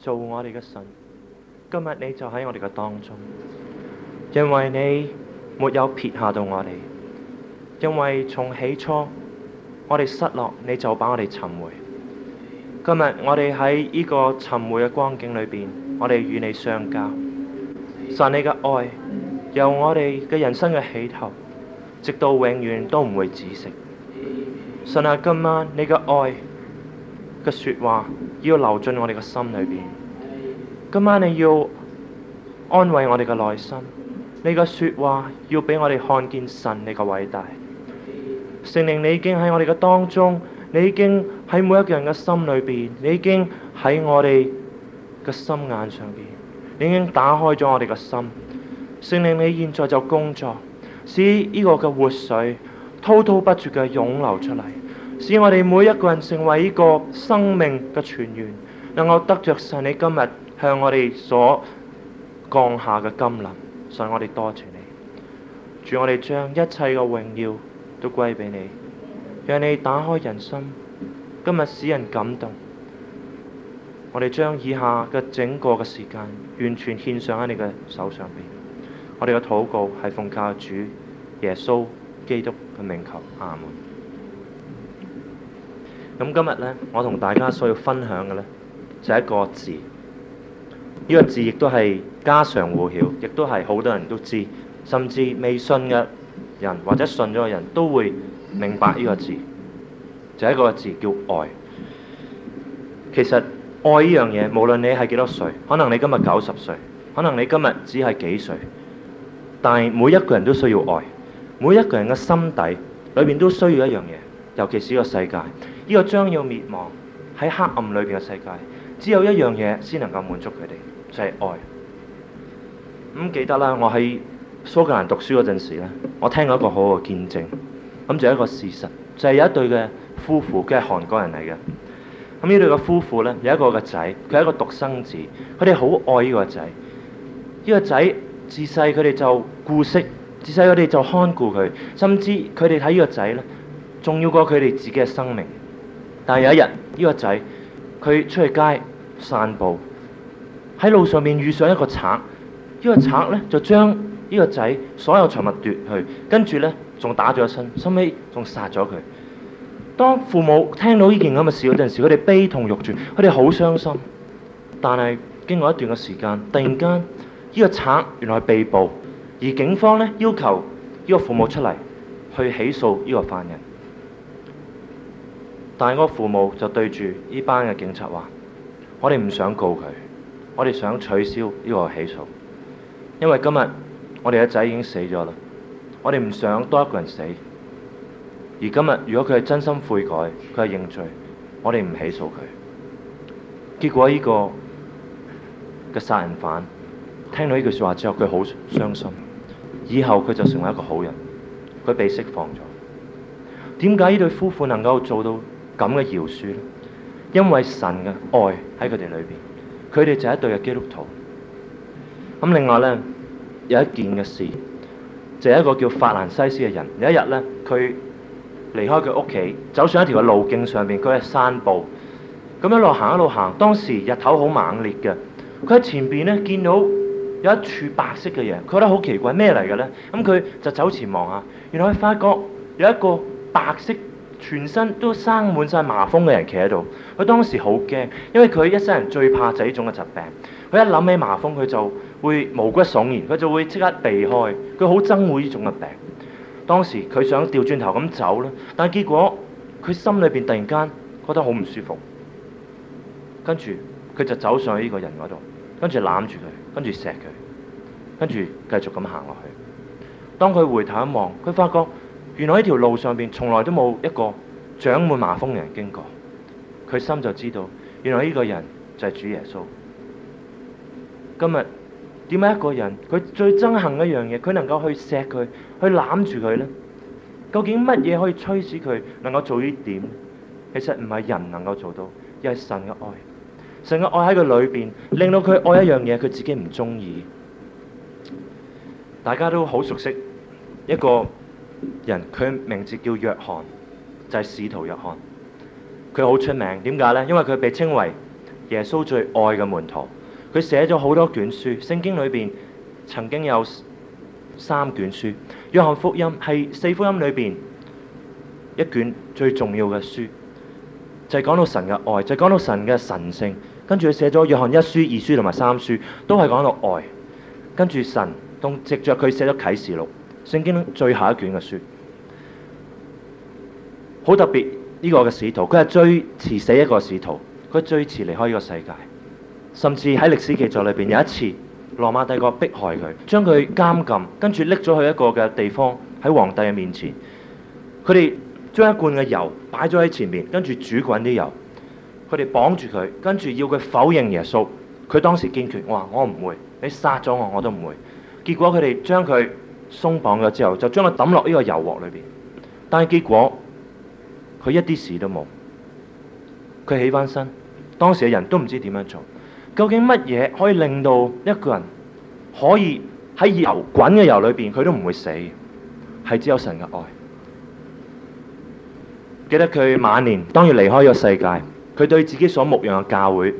做我哋嘅神，今日你就喺我哋嘅當中，因為你沒有撇下到我哋，因為從起初我哋失落，你就把我哋尋回。今日我哋喺呢個尋回嘅光景裏邊，我哋與你相交，神你嘅愛由我哋嘅人生嘅起頭，直到永遠都唔會止息。神啊，今晚你嘅愛嘅說話要流進我哋嘅心裏邊。今晚你要安慰我哋嘅內心，你嘅說話要俾我哋看見神你嘅偉大。聖靈，你已經喺我哋嘅當中，你已經喺每一個人嘅心裏邊，你已經喺我哋嘅心眼上邊，你已經打開咗我哋嘅心。聖靈，你現在就工作，使呢個嘅活水滔滔不絕嘅湧流出嚟，使我哋每一個人成為呢個生命嘅泉源，能夠得着神。你今日，向我哋所降下嘅甘霖，所以我哋多謝你，主，我哋將一切嘅榮耀都歸俾你，讓你打開人心，今日使人感動。我哋將以下嘅整個嘅時間，完全獻上喺你嘅手上邊。我哋嘅禱告係奉教主耶穌基督嘅名求，阿門。咁今日呢，我同大家所要分享嘅呢，就係一個字。呢個字亦都係家常戶曉，亦都係好多人都知。甚至未信嘅人或者信咗嘅人都會明白呢個字，就係一個字叫愛。其實愛呢樣嘢，無論你係幾多歲，可能你今日九十歲，可能你今日只係幾歲，但係每一個人都需要愛，每一個人嘅心底裏面都需要一樣嘢。尤其是呢個世界，呢個將要滅亡喺黑暗裏邊嘅世界，只有一樣嘢先能夠滿足佢哋。就係愛。咁、嗯、記得啦，我喺蘇格蘭讀書嗰陣時呢，我聽過一個好好嘅見證，咁、嗯、就一個事實，就係、是、有一對嘅夫婦，佢係韓國人嚟嘅。咁呢對嘅夫婦呢，有一個個仔，佢係一個獨生子，佢哋好愛呢個仔。呢、這個仔自細佢哋就顧惜，自細佢哋就看顧佢，甚至佢哋睇呢個仔呢，重要過佢哋自己嘅生命。但係有一日，呢、這個仔佢出去街散步。喺路上面遇上一個賊，呢個賊呢，就將呢個仔所有財物奪去，跟住呢，仲打咗一身，後尾仲殺咗佢。當父母聽到呢件咁嘅事嗰陣時，佢哋悲痛欲絕，佢哋好傷心。但係經過一段嘅時間，突然間呢個賊原來係被捕，而警方呢，要求呢個父母出嚟去起訴呢個犯人。但係嗰個父母就對住呢班嘅警察話：我哋唔想告佢。我哋想取消呢個起訴，因為今日我哋嘅仔已經死咗啦，我哋唔想多一個人死。而今日如果佢係真心悔改，佢係認罪，我哋唔起訴佢。結果呢個嘅殺人犯聽到呢句說話之後，佢好傷心，以後佢就成為一個好人，佢被釋放咗。點解呢對夫婦能夠做到咁嘅饒恕呢？因為神嘅愛喺佢哋裏邊。佢哋就係一對嘅基督徒。咁另外呢，有一件嘅事，就係一個叫法蘭西斯嘅人。有一日呢，佢離開佢屋企，走上一條嘅路徑上面，佢係散步。咁一路行一路行，當時日頭好猛烈嘅。佢喺前邊呢見到有一處白色嘅嘢，佢覺得好奇怪咩嚟嘅呢？咁佢就走前望下，原來佢發覺有一個白色。全身都生滿晒麻風嘅人企喺度，佢當時好驚，因為佢一生人最怕就呢種嘅疾病。佢一諗起麻風，佢就會毛骨悚然，佢就會即刻避開。佢好憎會呢種嘅病。當時佢想掉轉頭咁走啦，但係結果佢心裏邊突然間覺得好唔舒服，跟住佢就走上去呢個人嗰度，跟住攬住佢，跟住錫佢，跟住繼續咁行落去。當佢回頭一望，佢發覺。原來呢條路上邊從來都冇一個長滿麻風嘅人經過，佢心就知道，原來呢個人就係主耶穌。今日點解一個人，佢最憎恨一樣嘢，佢能夠去錫佢，去攬住佢呢？究竟乜嘢可以驅使佢能夠做呢點？其實唔係人能夠做到，而係神嘅愛。神嘅愛喺佢裏邊，令到佢愛一樣嘢，佢自己唔中意。大家都好熟悉一個。人，佢名字叫約翰，就係使徒約翰。佢好出名，點解呢？因為佢被稱為耶穌最愛嘅門徒。佢寫咗好多卷書，聖經裏邊曾經有三卷書，《約翰福音》係四福音裏邊一卷最重要嘅書，就係講到神嘅愛，就係講到神嘅神聖。跟住佢寫咗《約翰一書》、《二書》同埋《三書》，都係講到愛。跟住神都藉着佢寫咗啟示錄。聖經最後一卷嘅書好特別，呢個嘅使徒，佢係最遲死一個使徒，佢最遲離開呢個世界。甚至喺歷史記載裏邊，有一次羅馬帝國迫害佢，將佢監禁，跟住拎咗去一個嘅地方喺皇帝嘅面前。佢哋將一罐嘅油擺咗喺前面，跟住煮滾啲油。佢哋綁住佢，跟住要佢否認耶穌。佢當時堅決我話：我唔會，你殺咗我我都唔會。結果佢哋將佢鬆綁咗之後，就將佢抌落呢個油鑊裏邊。但係結果，佢一啲事都冇。佢起翻身，當時嘅人都唔知點樣做。究竟乜嘢可以令到一個人可以喺油滾嘅油裏邊，佢都唔會死？係只有神嘅愛。記得佢晚年，當要離開呢個世界，佢對自己所牧養嘅教會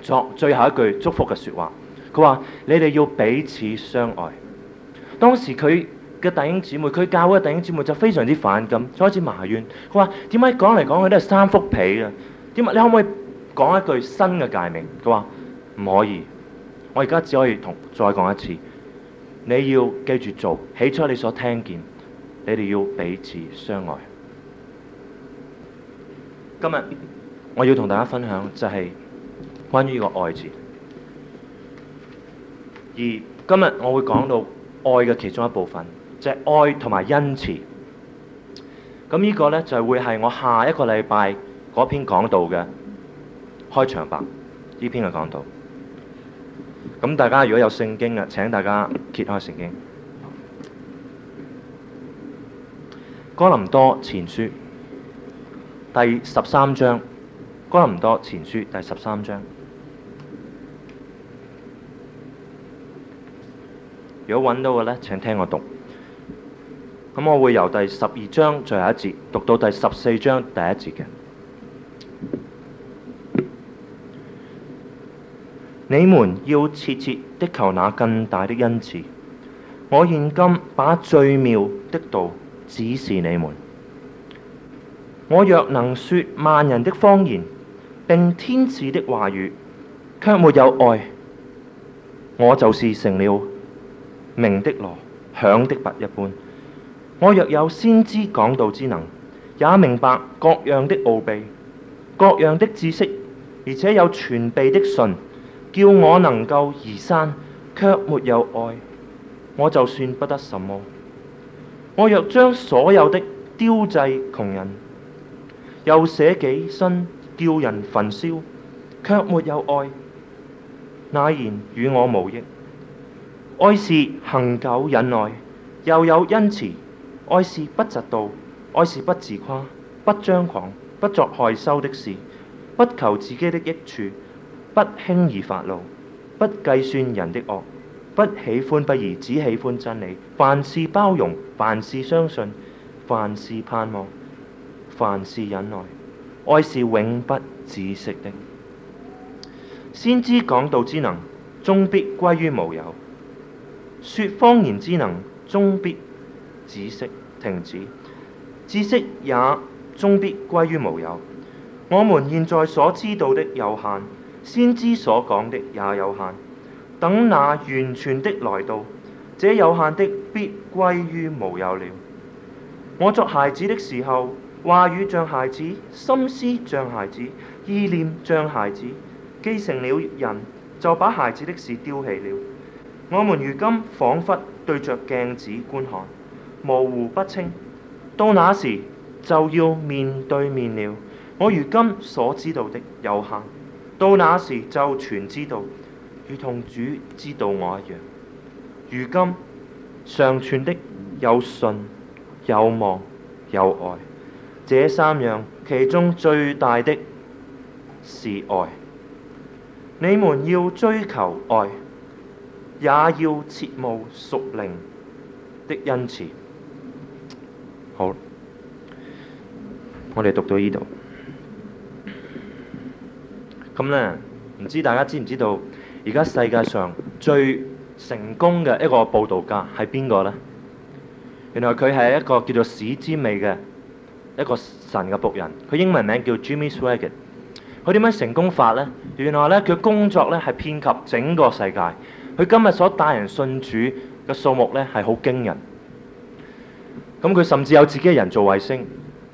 作最後一句祝福嘅說話。佢話：你哋要彼此相愛。當時佢嘅弟兄姊妹，佢教嗰啲弟兄姊妹就非常之反感，就開始埋怨。佢話：點解講嚟講去都係三幅被啊？點解？你可唔可以講一句新嘅誡命？佢話唔可以，我而家只可以同再講一次。你要記住做起初你所聽見，你哋要彼此相愛。今日我要同大家分享就係關於呢個愛字，而今日我會講到。愛嘅其中一部分，就係愛同埋恩慈。咁呢個呢，就係會係我下一個禮拜嗰篇講道嘅開場白，呢篇嘅講道。咁大家如果有聖經嘅，請大家揭開聖經。哥林多前書第十三章，哥林多前書第十三章。如果揾到嘅呢，請聽我讀。咁，我會由第十二章最後一節讀到第十四章第一節嘅。 你們要切切的求那更大的恩賜。我現今把最妙的道指示你們。我若能説萬人的方言並天使的話語，卻沒有愛，我就是成了。鳴的鑼響的鈸一般，我若有先知講道之能，也明白各樣的奧秘、各樣的知識，而且有全備的信，叫我能夠移山，却沒有愛，我就算不得什麼。我若將所有的賙濟窮人，又捨己身叫人焚燒，却沒有愛，仍然與我無益。愛是恒久忍耐，又有恩慈；愛是不嫉妒，愛是不自誇，不張狂，不作害羞的事，不求自己的益處，不輕易發怒，不計算人的惡，不喜歡不義，只喜歡真理。凡事包容，凡事相信，凡事盼望，凡事忍耐。愛是永不止息的。先知講道之能，終必歸於無有。說方言之能，終必止息停止；知識也終必歸於無有。我們現在所知道的有限，先知所講的也有限。等那完全的來到，這有限的必歸於無有了。我作孩子的時候，話語像孩子，心思像孩子，意念像孩子；既成了人，就把孩子的事丟棄了。我們如今彷彿對著鏡子觀看，模糊不清。到那時就要面對面了。我如今所知道的有限，到那時就全知道，如同主知道我一樣。如今常存的有信、有望、有愛，這三樣其中最大的是愛。你們要追求愛。也要切慕屬靈的恩賜。好，我哋讀到呢度咁呢，唔知大家知唔知道而家世界上最成功嘅一個佈道家係邊個呢？原來佢係一個叫做史之美嘅一個神嘅僕人。佢英文名叫 Jimmy Swaggart。佢點樣成功法呢？原來呢，佢工作呢係遍及整個世界。佢今日所帶人信主嘅數目呢係好驚人，咁佢甚至有自己嘅人做衞星，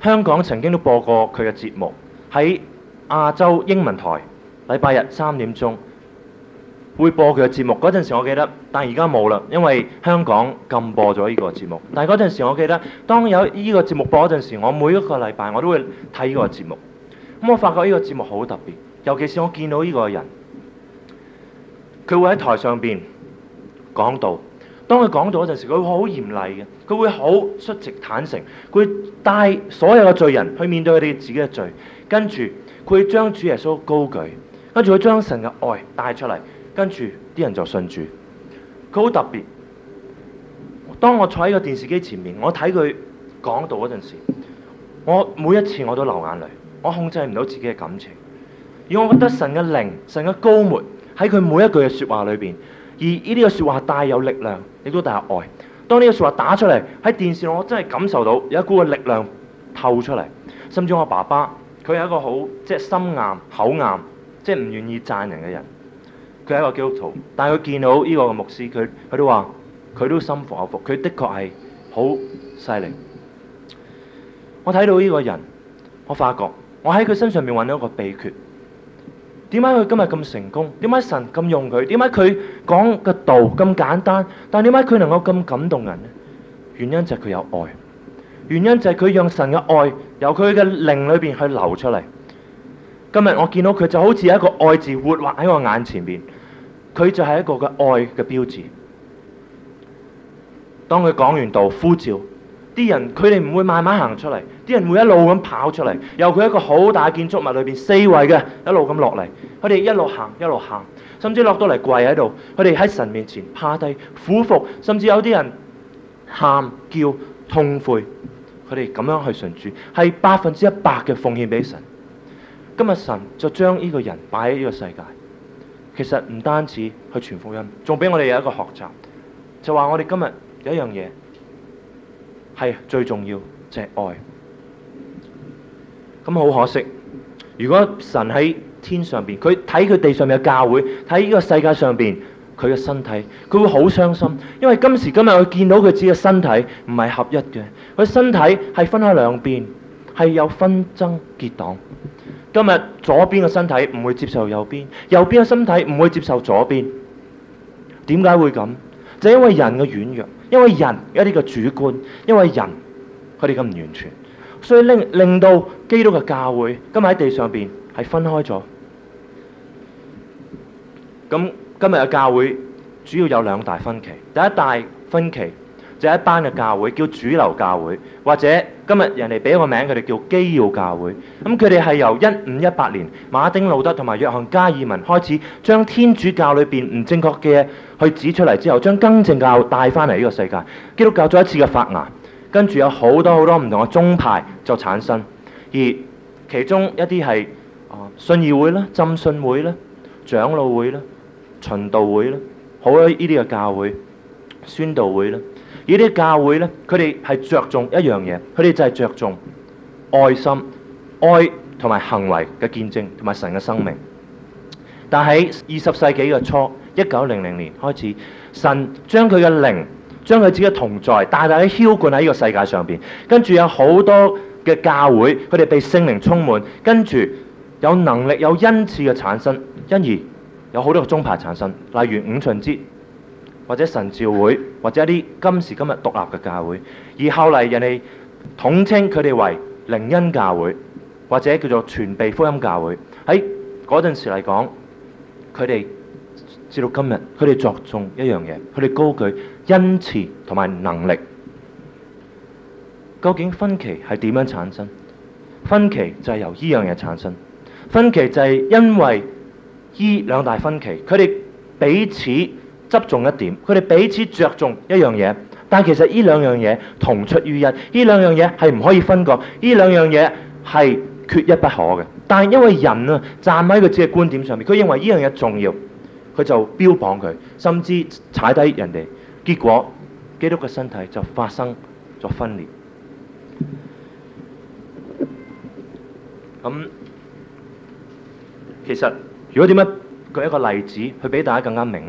香港曾經都播過佢嘅節目，喺亞洲英文台禮拜日三點鐘會播佢嘅節目。嗰陣時我記得，但係而家冇啦，因為香港禁播咗呢個節目。但係嗰陣時我記得，當有呢個節目播嗰陣時，我每一個禮拜我都會睇呢個節目。咁我發覺呢個節目好特別，尤其是我見到呢個人。佢會喺台上邊講道，當佢講道嗰陣時，佢會好嚴厲嘅，佢會好率直坦誠，佢會帶所有嘅罪人去面對佢哋自己嘅罪，跟住佢會將主耶穌高舉，跟住佢將神嘅愛帶出嚟，跟住啲人就信主。佢好特別。當我坐喺個電視機前面，我睇佢講道嗰陣時，我每一次我都流眼淚，我控制唔到自己嘅感情，而我覺得神嘅靈、神嘅膏抹。喺佢每一句嘅説話裏邊，而呢啲個説話帶有力量，亦都帶有愛。當呢個説話打出嚟喺電視，我真係感受到有一股嘅力量透出嚟。甚至我爸爸，佢係一個好即係心硬口硬，即係唔願意贊人嘅人。佢係一個基督徒，但係佢見到呢個牧師，佢佢都話佢都心服口服。佢的確係好犀利。我睇到呢個人，我發覺我喺佢身上面揾到一個秘訣。點解佢今日咁成功？點解神咁用佢？點解佢講嘅道咁簡單？但係點解佢能夠咁感動人呢？原因就係佢有愛，原因就係佢讓神嘅愛由佢嘅靈裏邊去流出嚟。今日我見到佢就好似一個愛字活畫喺我眼前面，佢就係一個嘅愛嘅標誌。當佢講完道呼召，啲人佢哋唔會慢慢行出嚟，啲人會一路咁跑出嚟，由佢一個好大建築物裏邊四圍嘅一路咁落嚟，佢哋一路行一路行，甚至落到嚟跪喺度，佢哋喺神面前趴低俯伏，甚至有啲人喊叫痛悔，佢哋咁樣去順住，係百分之一百嘅奉獻俾神。今日神就將呢個人擺喺呢個世界，其實唔單止去傳福音，仲俾我哋有一個學習，就話我哋今日有一樣嘢。係最重要，就係、是、愛。咁好可惜，如果神喺天上邊，佢睇佢地上面嘅教會，睇呢個世界上邊佢嘅身體，佢會好傷心，因為今時今日佢見到佢自己嘅身體唔係合一嘅，佢身體係分開兩邊，係有紛爭結黨。今日左邊嘅身體唔會接受右邊，右邊嘅身體唔會接受左邊。點解會咁？就是、因為人嘅軟弱。因為人一啲嘅主觀，因為人佢哋咁唔完全，所以令令到基督嘅教會今日喺地上邊係分開咗。咁今日嘅教會主要有兩大分歧，第一大分歧就係、是、一班嘅教會叫主流教會，或者。今日人哋俾個名佢哋叫基要教會，咁佢哋係由一五一八年馬丁路德同埋約翰加爾文開始，將天主教裏邊唔正確嘅去指出嚟之後，將更正教帶翻嚟呢個世界。基督教做一次嘅發芽，跟住有好多好多唔同嘅宗派就產生，而其中一啲係、呃、信義會啦、浸信會啦、長老會啦、循道會啦，好多呢啲嘅教會宣道會啦。呢啲教會呢，佢哋係着重一樣嘢，佢哋就係着重愛心、愛同埋行為嘅見證同埋神嘅生命。但喺二十世紀嘅初，一九零零年開始，神將佢嘅靈、將佢自己嘅同在大大地澆灌喺呢個世界上邊，跟住有好多嘅教會，佢哋被聖靈充滿，跟住有能力有恩賜嘅產生，因而有好多嘅宗派產生，例如五旬節。或者神召會，或者一啲今時今日獨立嘅教會，而後嚟人哋統稱佢哋為靈恩教會，或者叫做全備福音教會。喺嗰陣時嚟講，佢哋至到今日，佢哋着重一樣嘢，佢哋高舉恩賜同埋能力。究竟分歧係點樣產生？分歧就係由依樣嘢產生，分歧就係因為依兩大分歧，佢哋彼此，執重一點，佢哋彼此着重一樣嘢，但其實呢兩樣嘢同出於一，呢兩樣嘢係唔可以分割，呢兩樣嘢係缺一不可嘅。但係因為人啊，站喺佢自己觀點上面，佢認為呢樣嘢重要，佢就標榜佢，甚至踩低人哋，結果基督嘅身體就發生咗分裂。咁、嗯、其實如果點樣？舉一個例子，去俾大家更加明。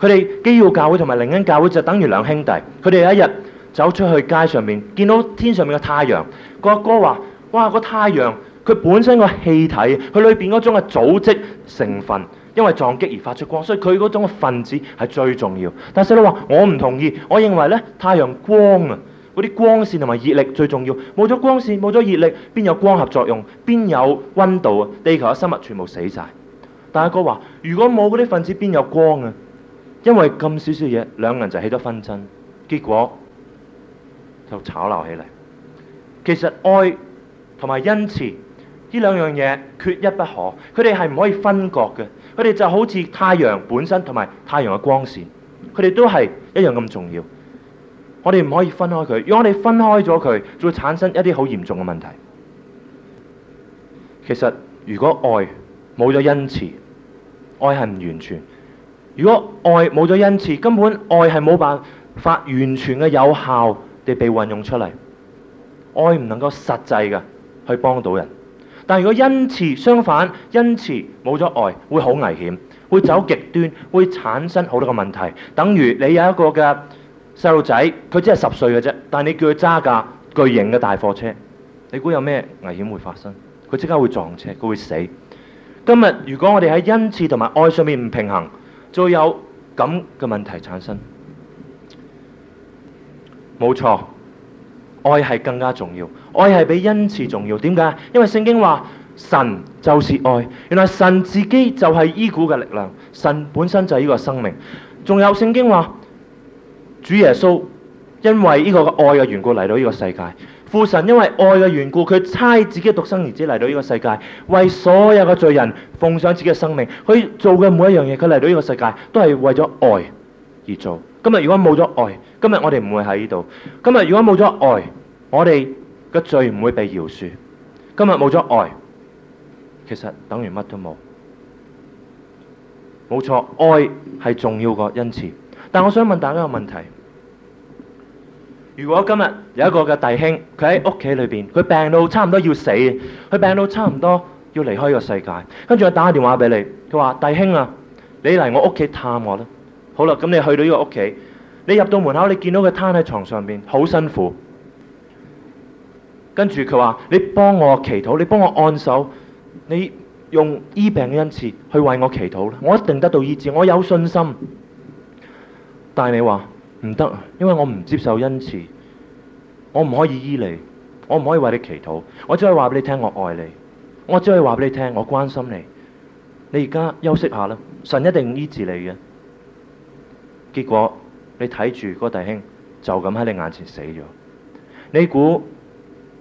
佢哋基要教會同埋靈恩教會就等於兩兄弟。佢哋有一日走出去街上面，見到天上面嘅太陽。個阿哥話：哇，個太陽佢本身個氣體，佢裏邊嗰種嘅組織成分，因為撞擊而發出光，所以佢嗰種嘅分子係最重要。但細佬話：我唔同意，我認為呢太陽光啊，嗰啲光線同埋熱力最重要。冇咗光線，冇咗熱力，邊有光合作用？邊有温度啊？地球嘅生物全部死晒。大哥話：如果冇嗰啲分子，邊有光啊？因為咁少少嘢，兩人就起咗紛爭，結果就吵鬧起嚟。其實愛同埋恩慈呢兩樣嘢缺一不可，佢哋係唔可以分割嘅。佢哋就好似太陽本身同埋太陽嘅光線，佢哋都係一樣咁重要。我哋唔可以分開佢，如果我哋分開咗佢，就會產生一啲好嚴重嘅問題。其實如果愛，冇咗恩慈，愛係唔完全。如果愛冇咗恩慈，根本愛係冇辦法完全嘅有效地被運用出嚟，愛唔能夠實際嘅去幫到人。但如果恩慈相反，恩慈冇咗愛，會好危險，會走極端，會產生好多嘅問題。等於你有一個嘅細路仔，佢只係十歲嘅啫，但係你叫佢揸架巨型嘅大貨車，你估有咩危險會發生？佢即刻會撞車，佢會死。今日如果我哋喺恩賜同埋愛上面唔平衡，就有咁嘅問題產生，冇錯，愛係更加重要，愛係比恩賜重要。點解？因為聖經話神就是愛，原來神自己就係依股嘅力量，神本身就係依個生命。仲有聖經話，主耶穌因為呢個愛嘅緣故嚟到呢個世界。父神因為愛嘅緣故，佢差自己嘅獨生兒子嚟到呢個世界，為所有嘅罪人奉上自己嘅生命，佢做嘅每一樣嘢，佢嚟到呢個世界都係為咗愛而做。今日如果冇咗愛，今日我哋唔會喺呢度。今日如果冇咗愛，我哋嘅罪唔會被饒恕。今日冇咗愛，其實等於乜都冇。冇錯，愛係重要過恩賜。但我想問大家一個問題。如果今日有一個嘅弟兄，佢喺屋企裏邊，佢病到差唔多要死，佢病到差唔多要離開呢個世界，跟住我打個電話俾你，佢話：弟兄啊，你嚟我屋企探我啦。好啦，咁你去到呢個屋企，你入到門口，你見到佢攤喺床上面，好辛苦。跟住佢話：你幫我祈禱，你幫我按手，你用醫病嘅恩賜去為我祈禱啦，我一定得到醫治，我有信心。但係你話？唔得，因為我唔接受恩賜，我唔可以醫你，我唔可以為你祈禱，我只可以話俾你聽我愛你，我只可以話俾你聽我關心你。你而家休息下啦，神一定醫治你嘅。結果你睇住嗰個弟兄就咁喺你眼前死咗，你估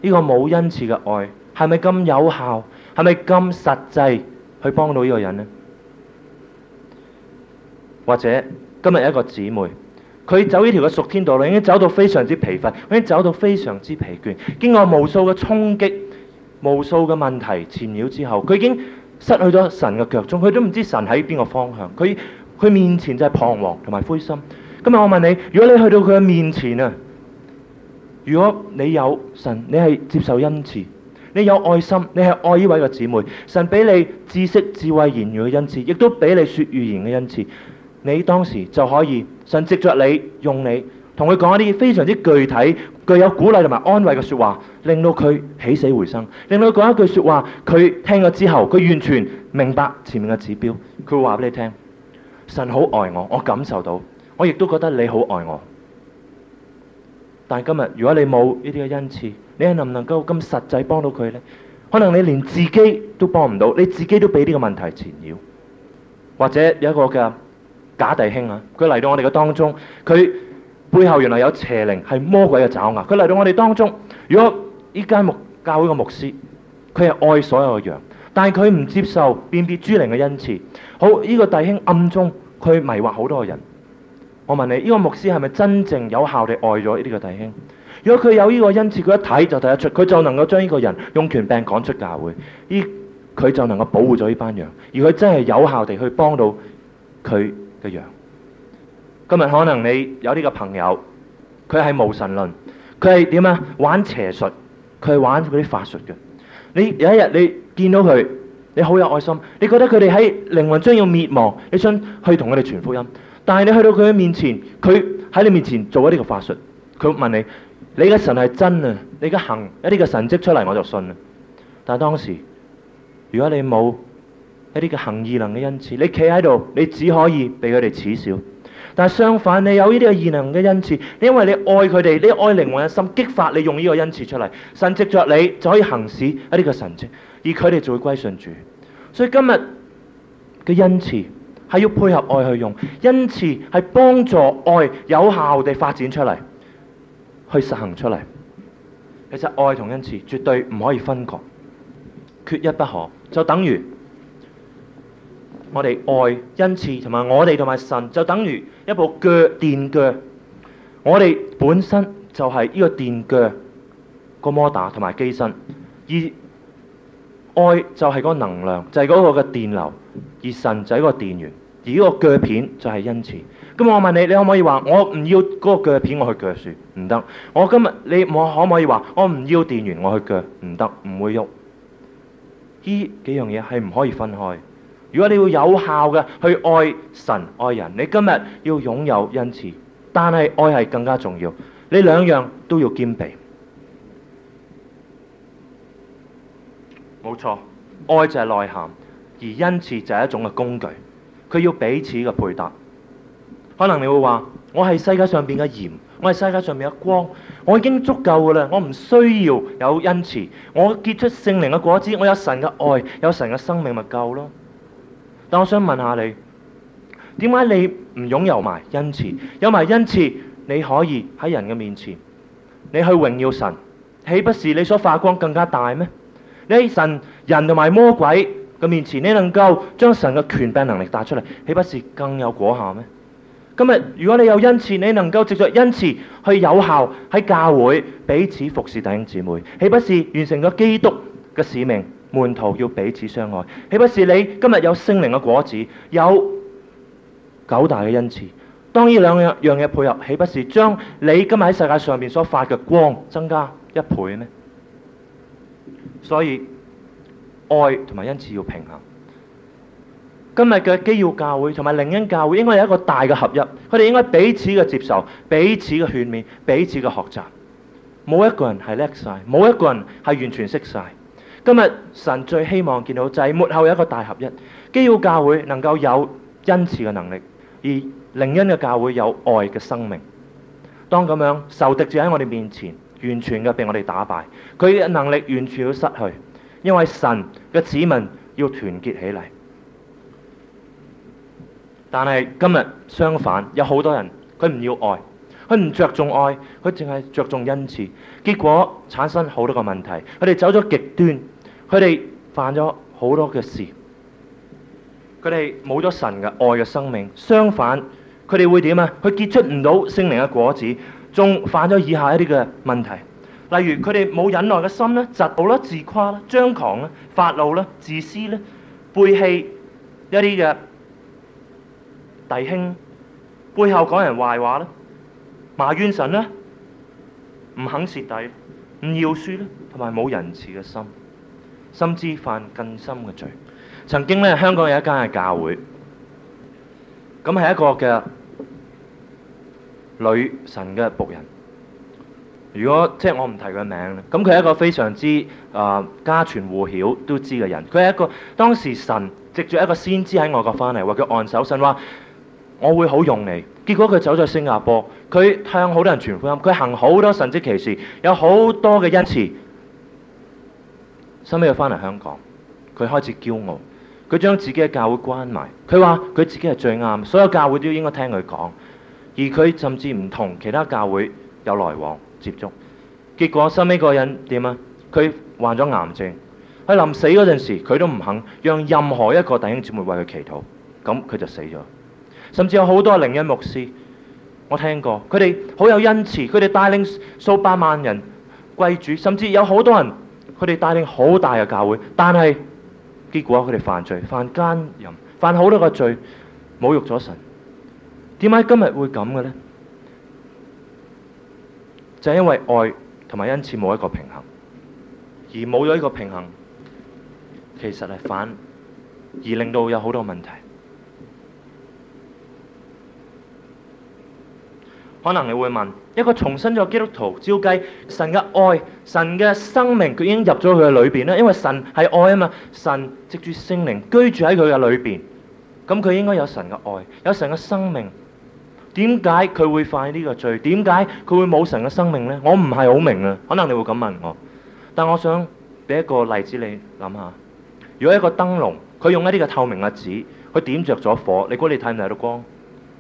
呢個冇恩賜嘅愛係咪咁有效？係咪咁實際去幫到呢個人呢？或者今日有一個姊妹。佢走呢條嘅屬天道路，已經走到非常之疲憊，已經走到非常之疲倦。經過無數嘅衝擊、無數嘅問題纏繞之後，佢已經失去咗神嘅腳蹤，佢都唔知神喺邊個方向。佢佢面前就係彷徨同埋灰心。今日我問你，如果你去到佢嘅面前啊，如果你有神，你係接受恩賜，你有愛心，你係愛依位嘅姊妹，神俾你知識、智慧、智慧言語嘅恩賜，亦都俾你説預言嘅恩賜。你當時就可以，神藉著你用你，同佢講一啲非常之具體、具有鼓勵同埋安慰嘅説話，令到佢起死回生。令到佢講一句説話，佢聽咗之後，佢完全明白前面嘅指標。佢會話俾你聽：神好愛我，我感受到，我亦都覺得你好愛我。但係今日，如果你冇呢啲嘅恩賜，你係能唔能夠咁實際幫到佢呢？可能你連自己都幫唔到，你自己都俾呢個問題纏繞，或者有一個嘅。假弟兄啊！佢嚟到我哋嘅當中，佢背後原來有邪靈，係魔鬼嘅爪牙。佢嚟到我哋當中，如果依間牧教會嘅牧師，佢係愛所有嘅羊，但係佢唔接受辨別諸靈嘅恩賜。好，呢個弟兄暗中佢迷惑好多嘅人。我問你，呢個牧師係咪真正有效地愛咗呢個弟兄？如果佢有呢個恩賜，佢一睇，就睇得出，佢就能夠將呢個人用權柄趕出教會。依佢就能夠保護咗呢班羊，而佢真係有效地去幫到佢。嘅樣，今日可能你有呢個朋友，佢係無神論，佢係點啊玩邪術，佢係玩嗰啲法術嘅。你有一日你見到佢，你好有愛心，你覺得佢哋喺靈魂將要滅亡，你想去同佢哋傳福音，但係你去到佢嘅面前，佢喺你面前做一啲嘅法術，佢問你：你嘅神係真啊？你嘅行一啲嘅神跡出嚟，我就信啊！但係當時，如果你冇，一啲嘅行異能嘅恩賜，你企喺度，你只可以被佢哋恥笑。但係相反，你有呢啲嘅異能嘅恩賜，因為你愛佢哋，你愛靈魂嘅心，激發你用呢個恩賜出嚟，神藉著你就可以行使一啲嘅神跡，而佢哋就會歸順主。所以今日嘅恩賜係要配合愛去用，恩賜係幫助愛有效地發展出嚟，去實行出嚟。其實愛同恩賜絕對唔可以分割，缺一不可，就等於。我哋愛恩賜，同埋我哋同埋神就等於一部鋸電鋸。我哋本身就係呢個電鋸個摩打同埋機身，而愛就係個能量，就係、是、嗰個嘅電流，而神就係一個電源，而呢個鋸片就係恩賜。咁我問你，你可唔可以話我唔要嗰個鋸片我去鋸樹？唔得。我今日你我可唔可以話我唔要電源我去鋸？唔得，唔會喐。呢幾樣嘢係唔可以分開。如果你要有效嘅去愛神愛人，你今日要擁有恩賜，但係愛係更加重要。你兩樣都要兼備，冇錯。愛就係內涵，而恩賜就係一種嘅工具，佢要彼此嘅配搭。可能你會話：我係世界上面嘅鹽，我係世界上面嘅光，我已經足夠噶啦，我唔需要有恩賜。我結出聖靈嘅果子，我有神嘅愛，有神嘅生命咪夠咯。但我想問下你，點解你唔擁有埋恩賜？有埋恩賜，你可以喺人嘅面前，你去榮耀神，豈不是你所發光更加大咩？你喺神、人同埋魔鬼嘅面前，你能夠將神嘅權柄能力帶出嚟，豈不是更有果效咩？今日如果你有恩賜，你能夠藉着恩賜去有效喺教會彼此服侍弟兄姊妹，豈不是完成咗基督嘅使命？門徒要彼此相愛，豈不是你今日有聖靈嘅果子，有九大嘅恩賜？當呢兩樣嘢配合，豈不是將你今日喺世界上面所發嘅光增加一倍咩？所以愛同埋恩賜要平衡。今日嘅基要教會同埋靈恩教會應該有一個大嘅合一，佢哋應該彼此嘅接受、彼此嘅勸勉、彼此嘅學習。冇一個人係叻晒，冇一個人係完全識晒。今日神最希望見到就係末後一個大合一，基要教、教會能夠有恩賜嘅能力，而靈恩嘅教會有愛嘅生命。當咁樣受敵者喺我哋面前，完全嘅被我哋打敗，佢嘅能力完全要失去，因為神嘅子民要團結起嚟。但係今日相反，有好多人佢唔要愛。佢唔着重愛，佢淨係着重恩慈，結果產生好多個問題。佢哋走咗極端，佢哋犯咗好多嘅事。佢哋冇咗神嘅愛嘅生命，相反，佢哋會點啊？佢結出唔到聖靈嘅果子，仲犯咗以下一啲嘅問題，例如佢哋冇忍耐嘅心咧，嫉妒啦、自誇啦、張狂啦、發怒啦、自私咧、背棄一啲嘅弟兄，背後講人壞話啦。埋怨神呢，唔肯蝕底，唔要輸咧，同埋冇仁慈嘅心，甚至犯更深嘅罪。曾經呢，香港有一間嘅教會，咁係一個嘅女神嘅僕人。如果即係我唔提佢名咧，咁佢係一個非常之啊、呃、家傳戶曉都知嘅人。佢係一個當時神藉住一個先知喺外國翻嚟，話佢按手信話我會好用你。結果佢走咗新加坡，佢向好多人傳福音，佢行好多神蹟奇事，有好多嘅恩賜。收尾又返嚟香港，佢開始驕傲，佢將自己嘅教會關埋，佢話佢自己係最啱，所有教會都應該聽佢講。而佢甚至唔同其他教會有來往接觸。結果收尾嗰個人點啊？佢患咗癌症，佢臨死嗰陣時，佢都唔肯讓任何一個弟兄姊妹為佢祈禱，咁佢就死咗。甚至有好多靈恩牧師，我聽過，佢哋好有恩慈，佢哋帶領數百萬人歸主，甚至有好多人，佢哋帶領好大嘅教會，但係結果佢哋犯罪、犯奸淫、犯好多個罪，侮辱咗神。點解今日會咁嘅呢？就係、是、因為愛同埋恩慈冇一個平衡，而冇咗呢個平衡，其實係反而令到有好多問題。可能你會問，一個重生咗基督徒，照計，神嘅愛、神嘅生命，佢已經入咗佢嘅裏邊咧。因為神係愛啊嘛，神藉住聖靈居住喺佢嘅裏邊，咁佢應該有神嘅愛，有神嘅生命。點解佢會犯呢個罪？點解佢會冇神嘅生命呢？我唔係好明啊。可能你會咁問我，但我想俾一個例子你諗下。如果一個燈籠，佢用一啲嘅透明嘅紙，佢點着咗火，你估你睇唔睇到光？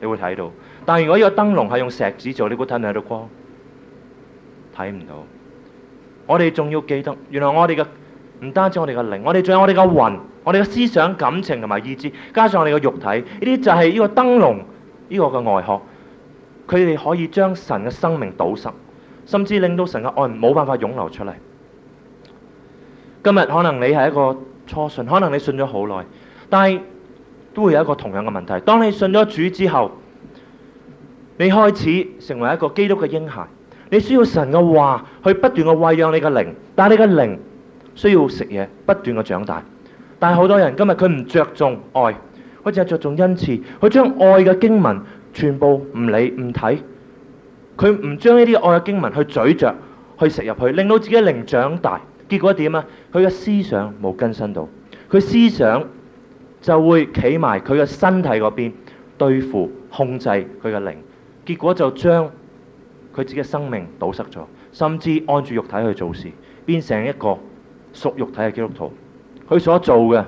你會睇到。但係如果呢個燈籠係用石子做，你估睇唔睇到光？睇唔到。我哋仲要記得，原來我哋嘅唔單止我哋嘅靈，我哋仲有我哋嘅魂，我哋嘅思想、感情同埋意志，加上我哋嘅肉體，呢啲就係呢個燈籠，呢個嘅外殼。佢哋可以將神嘅生命堵塞，甚至令到神嘅愛冇辦法湧流出嚟。今日可能你係一個初信，可能你信咗好耐，但係都會有一個同樣嘅問題。當你信咗主之後，你開始成為一個基督嘅嬰孩，你需要神嘅話去不斷嘅餵養你嘅靈，但係你嘅靈需要食嘢，不斷嘅長大。但係好多人今日佢唔着重愛，佢只係着重恩賜，佢將愛嘅經文全部唔理唔睇，佢唔將呢啲愛嘅經文去咀嚼，去食入去，令到自己嘅靈長大。結果點啊？佢嘅思想冇更新到，佢思想就會企埋佢嘅身體嗰邊對付控制佢嘅靈。結果就將佢自己嘅生命堵塞咗，甚至按住肉體去做事，變成一個屬肉體嘅基督徒。佢所做嘅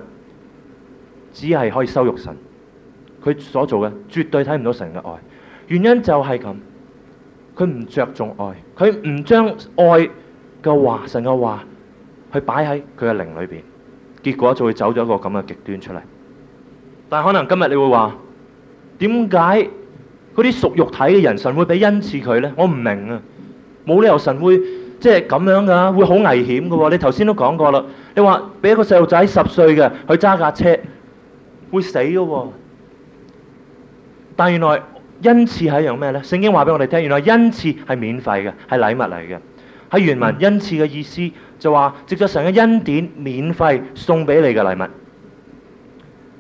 只係可以羞辱神，佢所做嘅絕對睇唔到神嘅愛。原因就係咁，佢唔着重愛，佢唔將愛嘅話、神嘅話去擺喺佢嘅靈裏邊，結果就會走咗一個咁嘅極端出嚟。但係可能今日你會話，點解？嗰啲屬肉體嘅人，神會俾恩賜佢呢？我唔明啊，冇理由神會即係咁樣噶，會好危險噶喎！你頭先都講過啦，你話俾一個細路仔十歲嘅去揸架車，會死噶喎、哦。但原來恩賜係一樣咩呢？聖經話俾我哋聽，原來恩賜係免費嘅，係禮物嚟嘅。喺原文，嗯、恩賜嘅意思就話直著成個恩典，免費送俾你嘅禮物。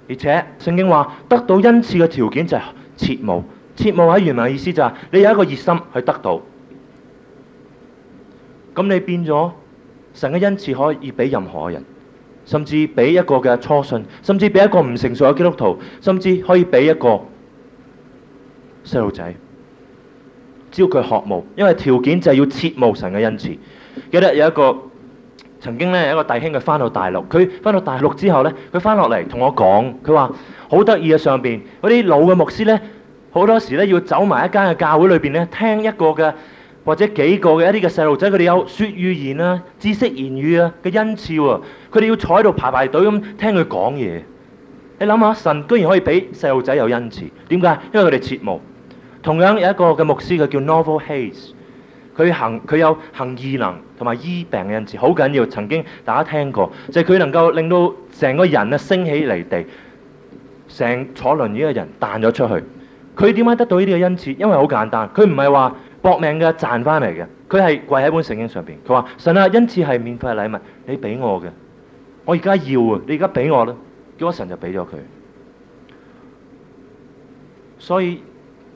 而且聖經話得到恩賜嘅條件就係切無。切慕喺原文嘅意思就係你有一個熱心去得到，咁你變咗神嘅恩賜可以俾任何人，甚至俾一個嘅初信，甚至俾一個唔成熟嘅基督徒，甚至可以俾一個細路仔，只要佢學慕，因爲條件就係要切慕神嘅恩賜。記得有一個曾經呢，有一個弟兄佢翻到大陸，佢翻到大陸之後呢，佢翻落嚟同我講，佢話好得意啊！上邊嗰啲老嘅牧師呢。」好多時咧要走埋一間嘅教會裏邊咧，聽一個嘅或者幾個嘅一啲嘅細路仔，佢哋有說語言啊、知識言語啊嘅恩賜喎、啊，佢哋要坐喺度排排隊咁聽佢講嘢。你諗下，神居然可以俾細路仔有恩賜，點解？因為佢哋切慕。同樣有一個嘅牧師，佢叫 Novel Hayes，佢行佢有行異能同埋醫病嘅恩賜，好緊要。曾經大家聽過，就係、是、佢能夠令到成個人啊升起離地，成坐輪椅嘅人彈咗出去。佢點解得到呢啲嘅恩賜？因為好簡單，佢唔係話搏命嘅賺翻嚟嘅，佢係跪喺一本聖經上邊。佢話：神啊，恩賜係免費禮物，你俾我嘅，我而家要啊，你而家俾我啦。結果神就俾咗佢，所以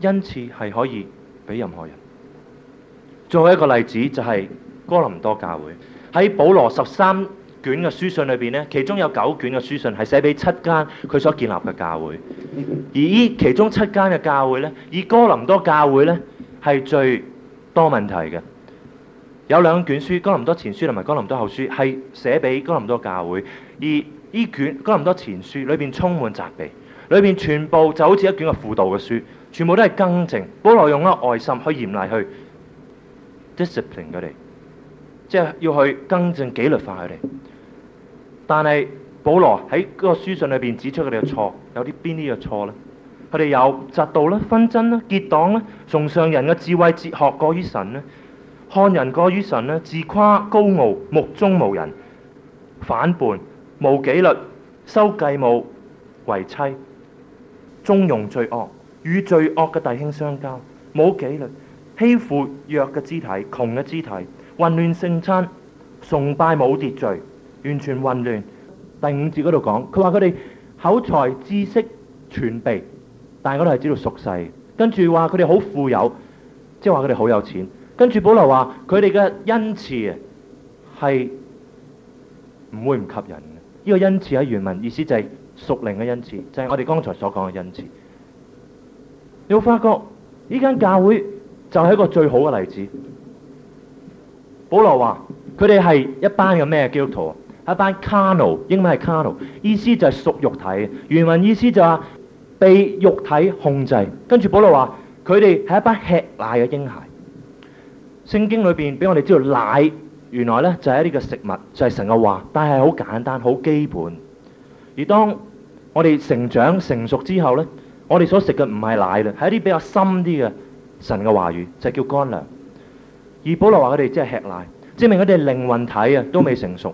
恩賜係可以俾任何人。最後一個例子就係、是、哥林多教會喺保羅十三。卷嘅書信裏邊呢，其中有九卷嘅書信係寫俾七間佢所建立嘅教會，而呢其中七間嘅教會呢，以哥林多教會呢係最多問題嘅。有兩卷書，哥林多前書同埋哥林多後書係寫俾哥林多教會，而呢卷哥林多前書裏邊充滿責備，裏邊全部就好似一卷嘅輔導嘅書，全部都係更正。保羅用咗愛心去嚴厲去 discipline 佢哋，即係要去更正紀律化佢哋。但係保羅喺嗰個書信裏邊指出佢哋嘅錯，有啲邊啲嘅錯呢？佢哋有嫉妒啦、紛爭啦、結黨啦、崇尚人嘅智慧、哲學過於神咧、看人過於神咧、自誇高傲、目中無人、反叛、無紀律、修繼母、為妻、縱容罪惡、與罪惡嘅弟兄相交、冇紀律、欺負弱嘅肢體、窮嘅肢體、混亂聖餐、崇拜冇秩序。完全混亂。第五節嗰度講，佢話佢哋口才、知識全備，但係度都係知道屬世。跟住話佢哋好富有，即係話佢哋好有錢。跟住保羅話佢哋嘅恩賜係唔會唔及人呢，呢個恩賜喺原文意思就係屬靈嘅恩賜，就係、是、我哋剛才所講嘅恩賜。你有，有發覺呢間教會就係一個最好嘅例子。保羅話佢哋係一班嘅咩基督徒、啊一班 carnal，英文係 carnal，意思就係屬肉體。原文意思就係被肉體控制。跟住，保羅話佢哋係一班吃奶嘅嬰孩。聖經裏邊俾我哋知道，奶原來呢就係、是、一啲嘅食物，就係、是、神嘅話，但係好簡單、好基本。而當我哋成長成熟之後呢，我哋所食嘅唔係奶啦，係一啲比較深啲嘅神嘅話語，就係、是、叫乾糧。而保羅話佢哋即係吃奶，證明佢哋靈魂體啊都未成熟。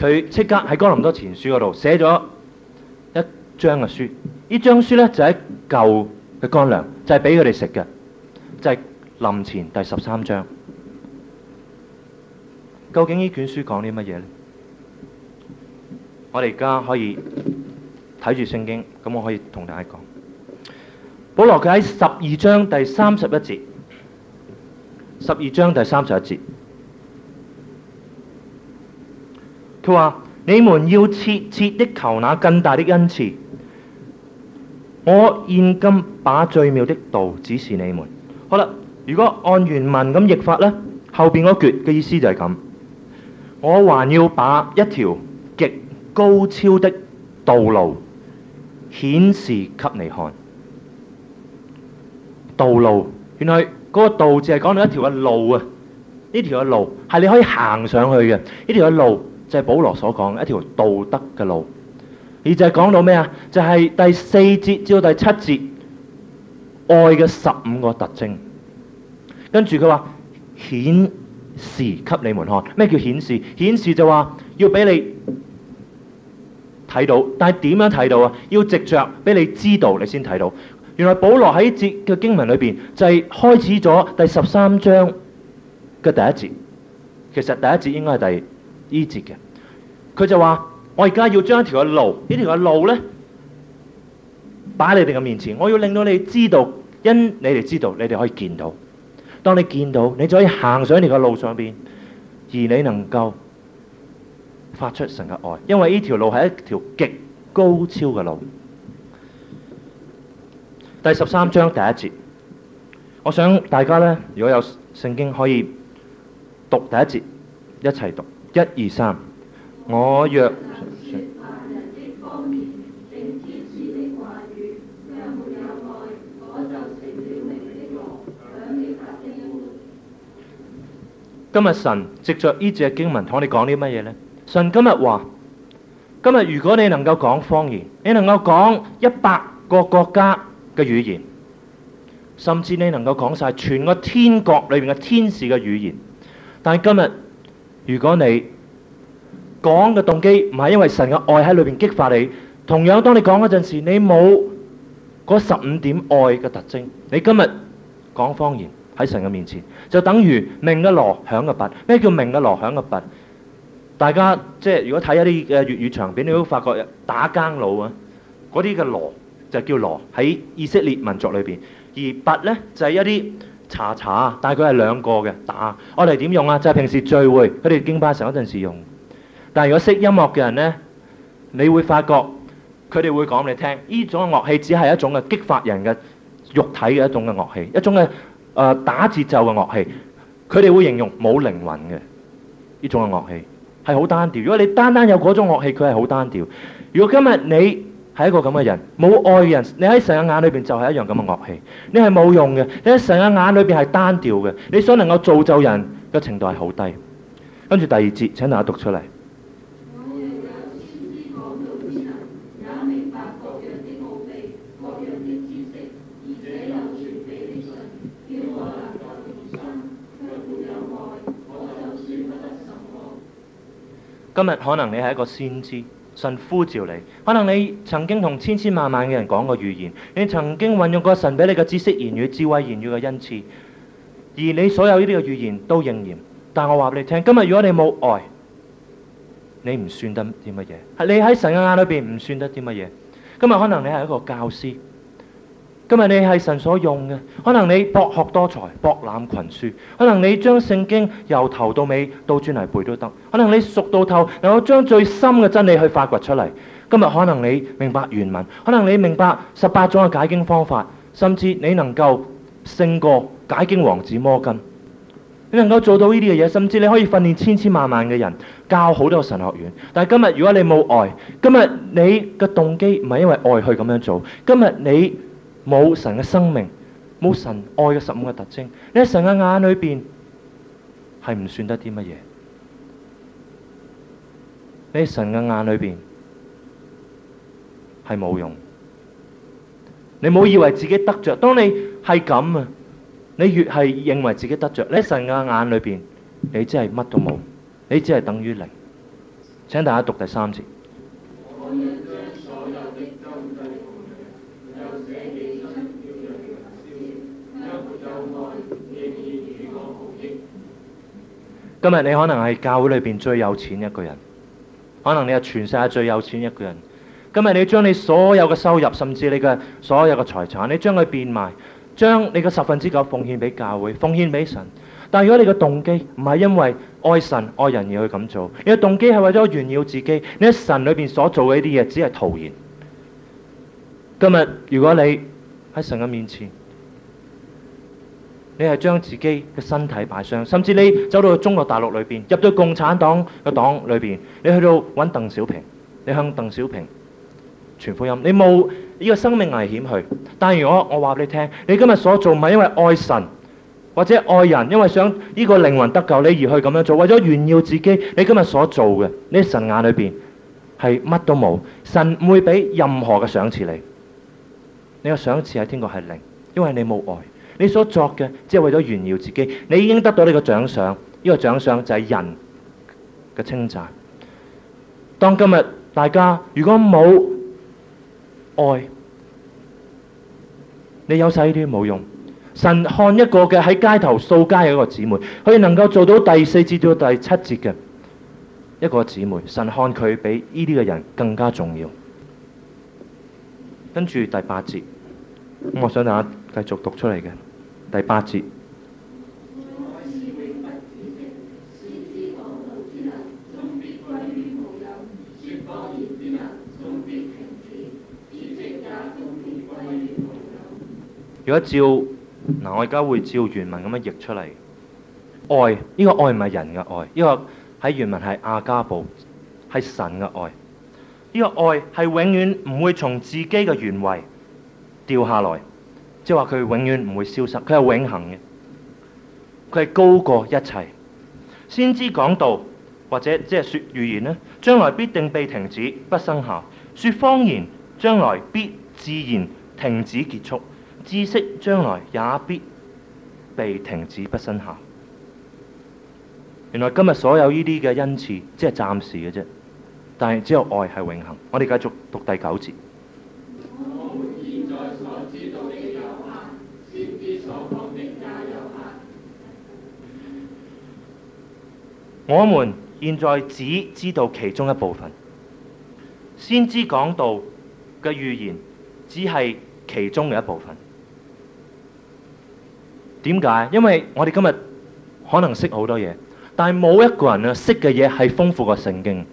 佢即刻喺《哥林多前書》嗰度寫咗一章嘅書，呢章書呢，就係舊嘅乾糧，就係俾佢哋食嘅，就係林前第十三章。究竟呢卷書講啲乜嘢呢？我哋而家可以睇住聖經，咁我可以同大家講，保羅佢喺十二章第三十一節，十二章第三十一節。佢話：你們要切切的求那更大的恩賜。我現今把最妙的道指示你們。好啦，如果按原文咁譯法呢，後邊嗰句嘅意思就係咁。我還要把一條極高超的道路顯示給你看。道路原來嗰個道字係講到一條嘅路啊。呢條嘅路係你可以行上去嘅。呢條嘅路。就係保羅所講一條道德嘅路，而就係講到咩啊？就係第四節至到第七節，愛嘅十五個特徵。跟住佢話顯示給你們看，咩叫顯示？顯示就話要俾你睇到，但係點樣睇到啊？要直着俾你知道，你先睇到。原來保羅喺節嘅經文裏邊就係開始咗第十三章嘅第一節，其實第一節應該係第。呢節嘅佢就話：我而家要將一條嘅路，呢條嘅路呢，擺喺你哋嘅面前。我要令到你知道，因你哋知道，你哋可以見到。當你見到，你就可以行上你嘅路上面，而你能夠發出神嘅愛，因為呢條路係一條極高超嘅路。第十三章第一節，我想大家呢，如果有聖經可以讀，第一節一齊讀。一二三，我若今日神藉著呢隻經文同我哋講啲乜嘢呢？神今日話：今日如果你能夠講方言，你能夠講一百個國家嘅語言，甚至你能夠講晒全個天國裏面嘅天使嘅語言，但係今日。如果你講嘅動機唔係因為神嘅愛喺裏邊激發你，同樣當你講嗰陣時，你冇嗰十五點愛嘅特徵，你今日講方言喺神嘅面前，就等於明嘅鑼響嘅拔咩叫明嘅鑼響嘅拔大家即係如果睇一啲嘅粵語長片，你都發覺打更佬啊，嗰啲嘅鑼就叫羅喺以色列民族裏邊，而拔呢，就係、是、一啲。查查，但係佢係兩個嘅打。我哋點用啊？就係、是、平時聚會，佢哋敬拜神嗰陣時用。但係如果識音樂嘅人呢，你會發覺佢哋會講你聽，呢種嘅樂器只係一種嘅激發人嘅肉體嘅一種嘅樂器，一種嘅誒、呃、打節奏嘅樂器。佢哋會形容冇靈魂嘅呢種嘅樂器係好單調。如果你單單有嗰種樂器，佢係好單調。如果今日你，係一個咁嘅人，冇愛人，你喺神嘅眼裏邊就係一樣咁嘅樂器，你係冇用嘅，你喺神嘅眼裏邊係單調嘅，你所能夠造就人嘅程度係好低。跟住第二節，請大家讀出嚟。今日可能你係一個先知。神呼召你，可能你曾經同千千萬萬嘅人講過預言，你曾經運用過神俾你嘅知識言語、智慧言語嘅恩賜，而你所有呢啲嘅預言都應驗。但我話俾你聽，今日如果你冇愛，你唔算得啲乜嘢。你喺神嘅眼裏邊唔算得啲乜嘢。今日可能你係一個教師。今日你係神所用嘅，可能你博學多才，博覽群書，可能你將聖經由頭到尾倒轉嚟背都得，可能你熟到透，能夠將最深嘅真理去發掘出嚟，今日可能你明白原文，可能你明白十八種嘅解經方法，甚至你能夠勝過解經王子摩根，你能夠做到呢啲嘅嘢，甚至你可以訓練千千萬萬嘅人，教好多神學院。但係今日如果你冇愛，今日你嘅動機唔係因為愛去咁樣做，今日你，冇神嘅生命，冇神愛嘅十五個特徵，你喺神嘅眼裏邊係唔算得啲乜嘢？你喺神嘅眼裏邊係冇用。你冇以為自己得着，當你係咁啊，你越係認為自己得着，你喺神嘅眼裏邊，你真係乜都冇，你只係等於零。請大家讀第三節。今日你可能係教會裏邊最有錢一個人，可能你係全世界最有錢一個人。今日你將你所有嘅收入，甚至你嘅所有嘅財產，你將佢變賣，將你嘅十分之九奉獻俾教會，奉獻俾神。但如果你嘅動機唔係因為愛神愛人而去咁做，你嘅動機係為咗炫耀自己，你喺神裏邊所做嘅呢啲嘢，只係徒然。今日如果你喺神嘅面前。你係將自己嘅身體擺上，甚至你走到中國大陸裏邊，入到共產黨嘅黨裏邊，你去到揾鄧小平，你向鄧小平傳福音，你冇呢個生命危險去。但如果我話俾你聽，你今日所做唔係因為愛神或者愛人，因為想呢個靈魂得救，你而去咁樣做，為咗炫耀自己，你今日所做嘅，你喺神眼裏邊係乜都冇，神唔會俾任何嘅賞賜你。你個賞賜喺天國係零，因為你冇愛。你所作嘅只係為咗炫耀自己，你已經得到呢個獎賞。呢個獎賞就係人嘅稱讚。當今日大家如果冇愛，你有晒呢啲冇用。神看一個嘅喺街頭掃街嘅一個姊妹，佢能夠做到第四節到第七節嘅一個姊妹，神看佢比呢啲嘅人更加重要。跟住第八節，我想大家繼續讀出嚟嘅。第八節。如果照嗱，我而家會照原文咁樣譯出嚟。愛、這、呢個愛唔係人嘅愛，呢、這個喺原文係亞加布，係神嘅愛。呢、這個愛係永遠唔會從自己嘅原位掉下來。即係話佢永遠唔會消失，佢係永恒嘅。佢係高過一切。先知講道或者即係說預言咧，將來必定被停止不生效。說方言將來必自然停止結束。知識將來也必被停止不生效。原來今日所有呢啲嘅恩賜，即係暫時嘅啫。但係只有愛係永恒。我哋繼續讀第九節。我們現在只知道其中一部分，先知講道嘅預言只係其中嘅一部分。點解？因為我哋今日可能識好多嘢，但係冇一個人啊識嘅嘢係豐富過聖經。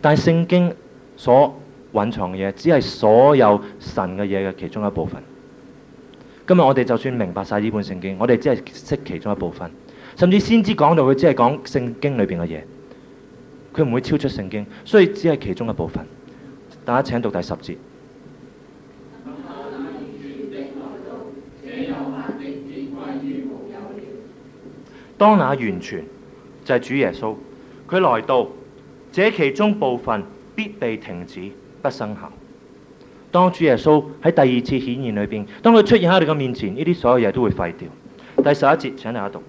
但係聖經所蘊藏嘅嘢，只係所有神嘅嘢嘅其中一部分。今日、啊、我哋就算明白晒呢本聖經，我哋只係識其中一部分。甚至先知講到佢只係講聖經裏邊嘅嘢，佢唔會超出聖經，所以只係其中一部分。大家請讀第十節。當那完全就係、是、主耶穌，佢來到這其中部分，必被停止不生效。當主耶穌喺第二次顯現裏邊，當佢出現喺你嘅面前，呢啲所有嘢都會廢掉。第十一節，請大家讀。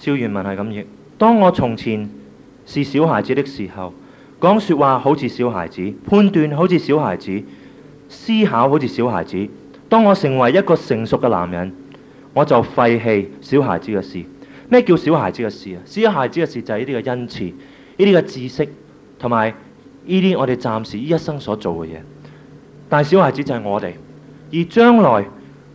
照原文係咁譯。當我從前是小孩子的時候，講說話好似小孩子，判斷好似小孩子，思考好似小孩子。當我成為一個成熟嘅男人，我就廢棄小孩子嘅事。咩叫小孩子嘅事啊？小孩子嘅事就係呢啲嘅恩賜，呢啲嘅知識，同埋呢啲我哋暫時一生所做嘅嘢。但係小孩子就係我哋，而將來。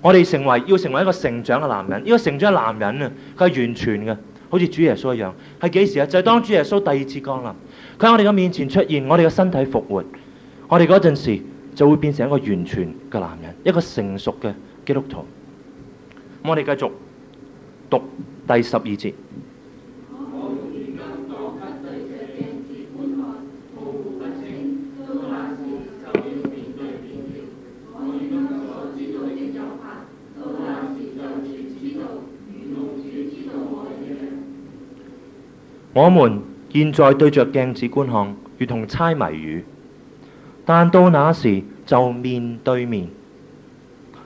我哋成為要成為一個成長嘅男人，呢個成長嘅男人啊，佢係完全嘅，好似主耶穌一樣。係幾時啊？就係當主耶穌第二次降臨，佢喺我哋嘅面前出現，我哋嘅身體復活，我哋嗰陣時就會變成一個完全嘅男人，一個成熟嘅基督徒。我哋繼續讀第十二節。我們現在對着鏡子觀看，如同猜謎語。但到那時就面對面。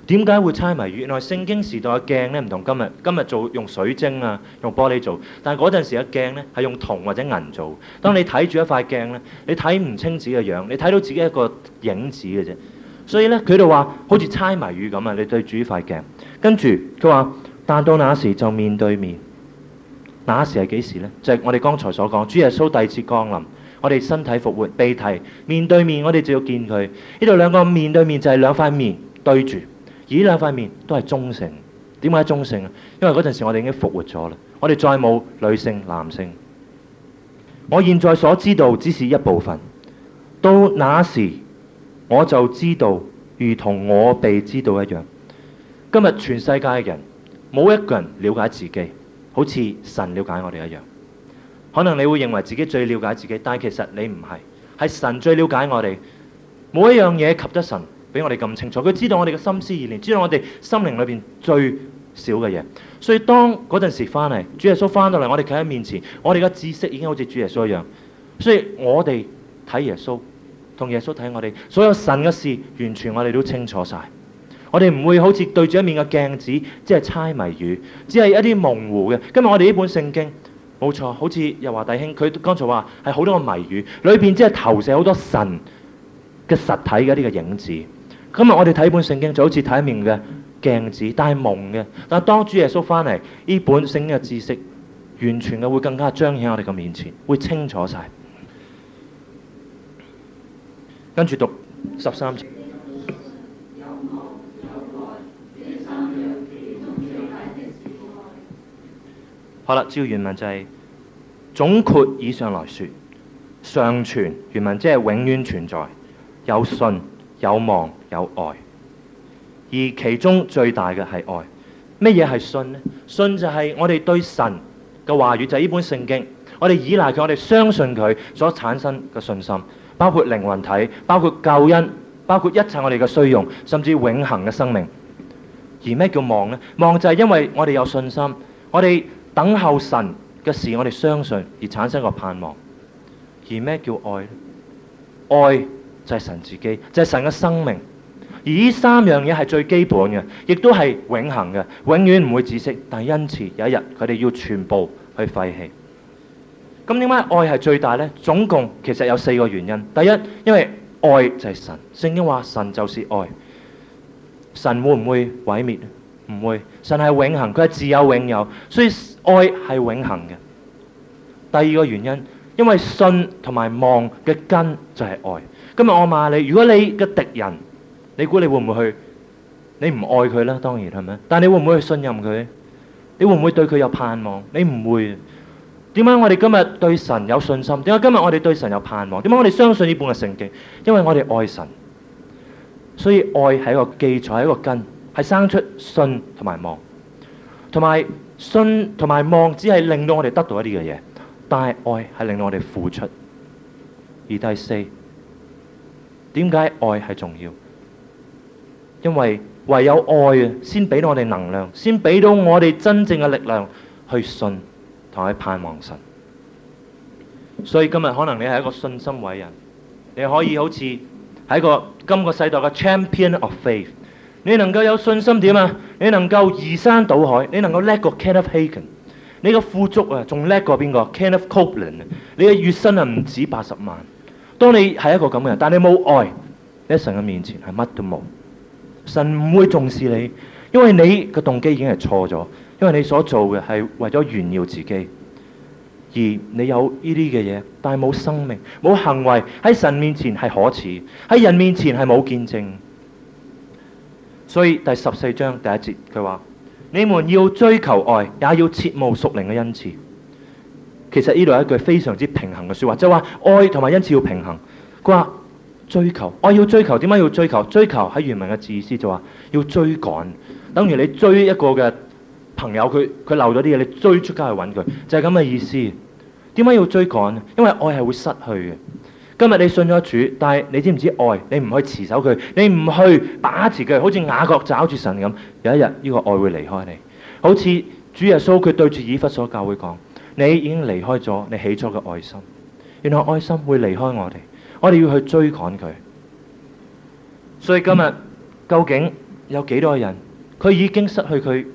點解會猜謎語？原來聖經時代嘅鏡呢，唔同今日。今日做用水晶啊，用玻璃做。但係嗰陣時嘅鏡呢，係用銅或者銀做。當你睇住一塊鏡呢，你睇唔清自己嘅樣，你睇到自己一個影子嘅啫。所以呢，佢就話好似猜謎語咁啊！你對住呢塊鏡，跟住佢話，但到那時就面對面。那時係幾時呢？就係我哋剛才所講，主耶穌第二次降臨，我哋身體復活、被提，面對面，我哋就要見佢。呢度兩個面對面就係兩塊面對住，而呢兩塊面都係中性。點解中性啊？因為嗰陣時我哋已經復活咗啦，我哋再冇女性、男性。我現在所知道只是一部分，到那時我就知道，如同我被知道一樣。今日全世界嘅人，冇一個人了解自己。好似神了解我哋一樣，可能你會認為自己最了解自己，但係其實你唔係，係神最了解我哋。每一樣嘢及得神，比我哋咁清楚。佢知道我哋嘅心思意念，知道我哋心靈裏邊最少嘅嘢。所以當嗰陣時返嚟，主耶穌返到嚟，我哋企喺面前，我哋嘅知識已經好似主耶穌一樣。所以我哋睇耶穌，同耶穌睇我哋，所有神嘅事，完全我哋都清楚晒。我哋唔會好似對住一面嘅鏡子，即係猜謎語，只係一啲模糊嘅。今日我哋呢本聖經，冇錯，好似日華弟兄，佢剛才話係好多個謎語，裏邊即係投射好多神嘅實體嘅呢個影子。今日我哋睇本聖經，就好似睇一面嘅鏡子，但係蒙嘅。但係當主耶穌翻嚟，呢本聖經嘅知識，完全嘅會更加彰顯喺我哋嘅面前，會清楚晒。跟住讀十三好啦，照原文就係、是、總括以上來說，常存原文即係永遠存在，有信有望有愛，而其中最大嘅係愛。咩嘢係信呢？信就係我哋對神嘅話語，就係、是、呢本聖經，我哋依賴佢，我哋相信佢所產生嘅信心，包括靈魂體，包括救恩，包括一切我哋嘅需用，甚至永恆嘅生命。而咩叫望呢？望就係因為我哋有信心，我哋。等候神嘅事，我哋相信而產生個盼望。而咩叫愛呢？愛就係神自己，就係、是、神嘅生命。而呢三樣嘢係最基本嘅，亦都係永恆嘅，永遠唔會止息。但係因此有一日佢哋要全部去廢棄。咁點解愛係最大呢？總共其實有四個原因。第一，因為愛就係神，聖經話神就是愛。神會唔會毀滅？唔會，神係永恆，佢係自有永有，所以愛係永恆嘅。第二個原因，因為信同埋望嘅根就係愛。今日我問下你，如果你嘅敵人，你估你會唔會去？你唔愛佢啦，當然係咪？但你會唔會去信任佢？你會唔會對佢有盼望？你唔會。點解我哋今日對神有信心？點解今日我哋對神有盼望？點解我哋相信呢本嘅聖經？因為我哋愛神，所以愛係一個基礎，係一個根。係生出信同埋望，同埋信同埋望只係令到我哋得到一啲嘅嘢，但係愛係令到我哋付出。而第四，點解愛係重要？因為唯有愛啊，先俾到我哋能量，先俾到我哋真正嘅力量去信同埋盼望神。所以今日可能你係一個信心偉人，你可以好似喺個今個世代嘅 Champion of Faith。你能夠有信心點啊？你能夠移山倒海，你能夠叻過 Kenneth Hagen，你個富足啊，仲叻過邊個 Kenneth Copeland？你嘅月薪啊，唔止八十萬。當你係一個咁嘅人，但你冇愛，你喺神嘅面前係乜都冇，神唔會重視你，因為你嘅動機已經係錯咗，因為你所做嘅係為咗炫耀自己，而你有呢啲嘅嘢，但係冇生命，冇行為喺神面前係可恥，喺人面前係冇見證。所以第十四章第一節，佢話：你們要追求愛，也要切慕屬靈嘅恩賜。其實呢度有一句非常之平衡嘅説話，就話愛同埋恩賜要平衡。佢話追求愛，要追求，點解要追求？追求喺原文嘅字意思就話要追趕，等如你追一個嘅朋友，佢佢漏咗啲嘢，你追出街去揾佢，就係咁嘅意思。點解要追趕？因為愛係會失去嘅。今日你信咗主，但係你知唔知愛？你唔去持守佢，你唔去把持佢，好似雅各抓住神咁，有一日呢個愛會離開你。好似主耶穌佢對住以弗所教會講：你已經離開咗你起初嘅愛心。然後愛心會離開我哋，我哋要去追趕佢。所以今日、嗯、究竟有幾多人，佢已經失去佢？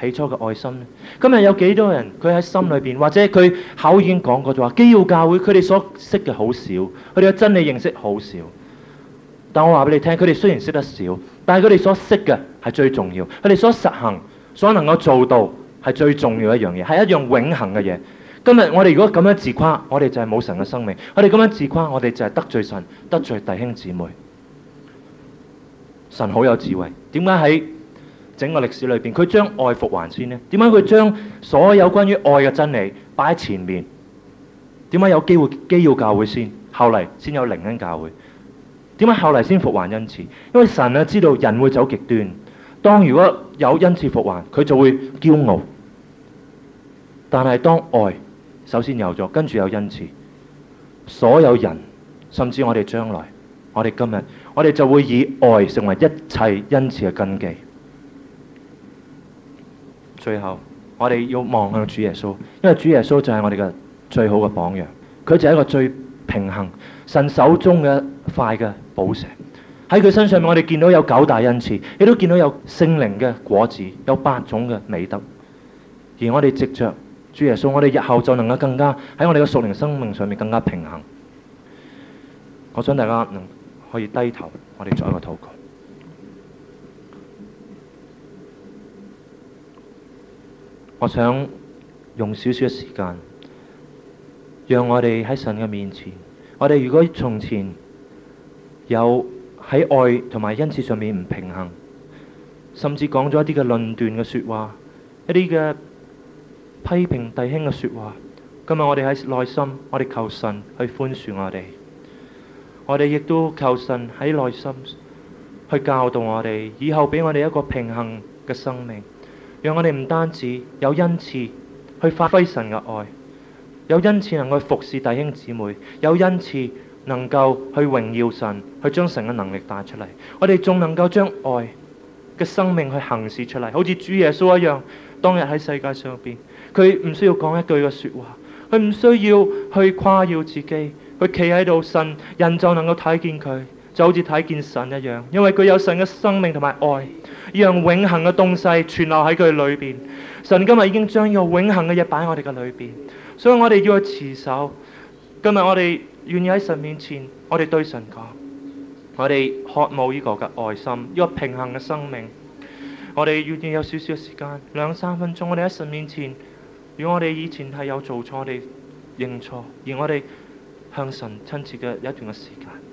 起初嘅愛心呢？今日有幾多人佢喺心裏邊，或者佢口已經講過就話，基要教會佢哋所識嘅好少，佢哋嘅真理認識好少。但我話俾你聽，佢哋雖然識得少，但係佢哋所識嘅係最重要，佢哋所實行、所能夠做到係最重要一樣嘢，係一樣永恆嘅嘢。今日我哋如果咁樣自誇，我哋就係冇神嘅生命；我哋咁樣自誇，我哋就係得罪神、得罪弟兄姊妹。神好有智慧，點解喺？整個歷史裏邊，佢將愛復還先呢？點解佢將所有關於愛嘅真理擺喺前面？點解有機會基要教會先，後嚟先有靈恩教會？點解後嚟先復還恩慈？因為神啊知道人會走極端。當如果有恩慈復還，佢就會驕傲。但係當愛首先有咗，跟住有恩慈，所有人甚至我哋將來、我哋今日、我哋就會以愛成為一切恩慈嘅根基。最後，我哋要望向主耶穌，因為主耶穌就係我哋嘅最好嘅榜樣。佢就係一個最平衡神手中嘅一塊嘅寶石。喺佢身上面，我哋見到有九大恩賜，亦都見到有聖靈嘅果子，有八種嘅美德。而我哋藉着主耶穌，我哋日後就能夠更加喺我哋嘅屬靈生命上面更加平衡。我想大家能可以低頭，我哋做一個禱告。我想用少少嘅時間，讓我哋喺神嘅面前，我哋如果從前有喺愛同埋恩賜上面唔平衡，甚至講咗一啲嘅論斷嘅說話，一啲嘅批評弟兄嘅說話，今日我哋喺內心，我哋求神去寬恕我哋，我哋亦都求神喺內心去教導我哋，以後俾我哋一個平衡嘅生命。讓我哋唔單止有恩賜去發揮神嘅愛，有恩賜能夠服侍弟兄姊妹，有恩賜能夠去榮耀神，去將神嘅能力帶出嚟。我哋仲能夠將愛嘅生命去行事出嚟，好似主耶穌一樣。當日喺世界上邊，佢唔需要講一句嘅說話，佢唔需要去誇耀自己，佢企喺度信，神人就能夠睇見佢。就好似睇見神一樣，因為佢有神嘅生命同埋愛，讓永恆嘅東西存留喺佢裏邊。神今日已經將呢個永恆嘅嘢擺喺我哋嘅裏邊，所以我哋要去持守。今日我哋願意喺神面前，我哋對神講，我哋渴慕呢個嘅愛心，呢個平衡嘅生命。我哋願意有少少嘅時間，兩三分鐘，我哋喺神面前，如果我哋以前係有做錯，我哋認錯，而我哋向神親切嘅一段嘅時間。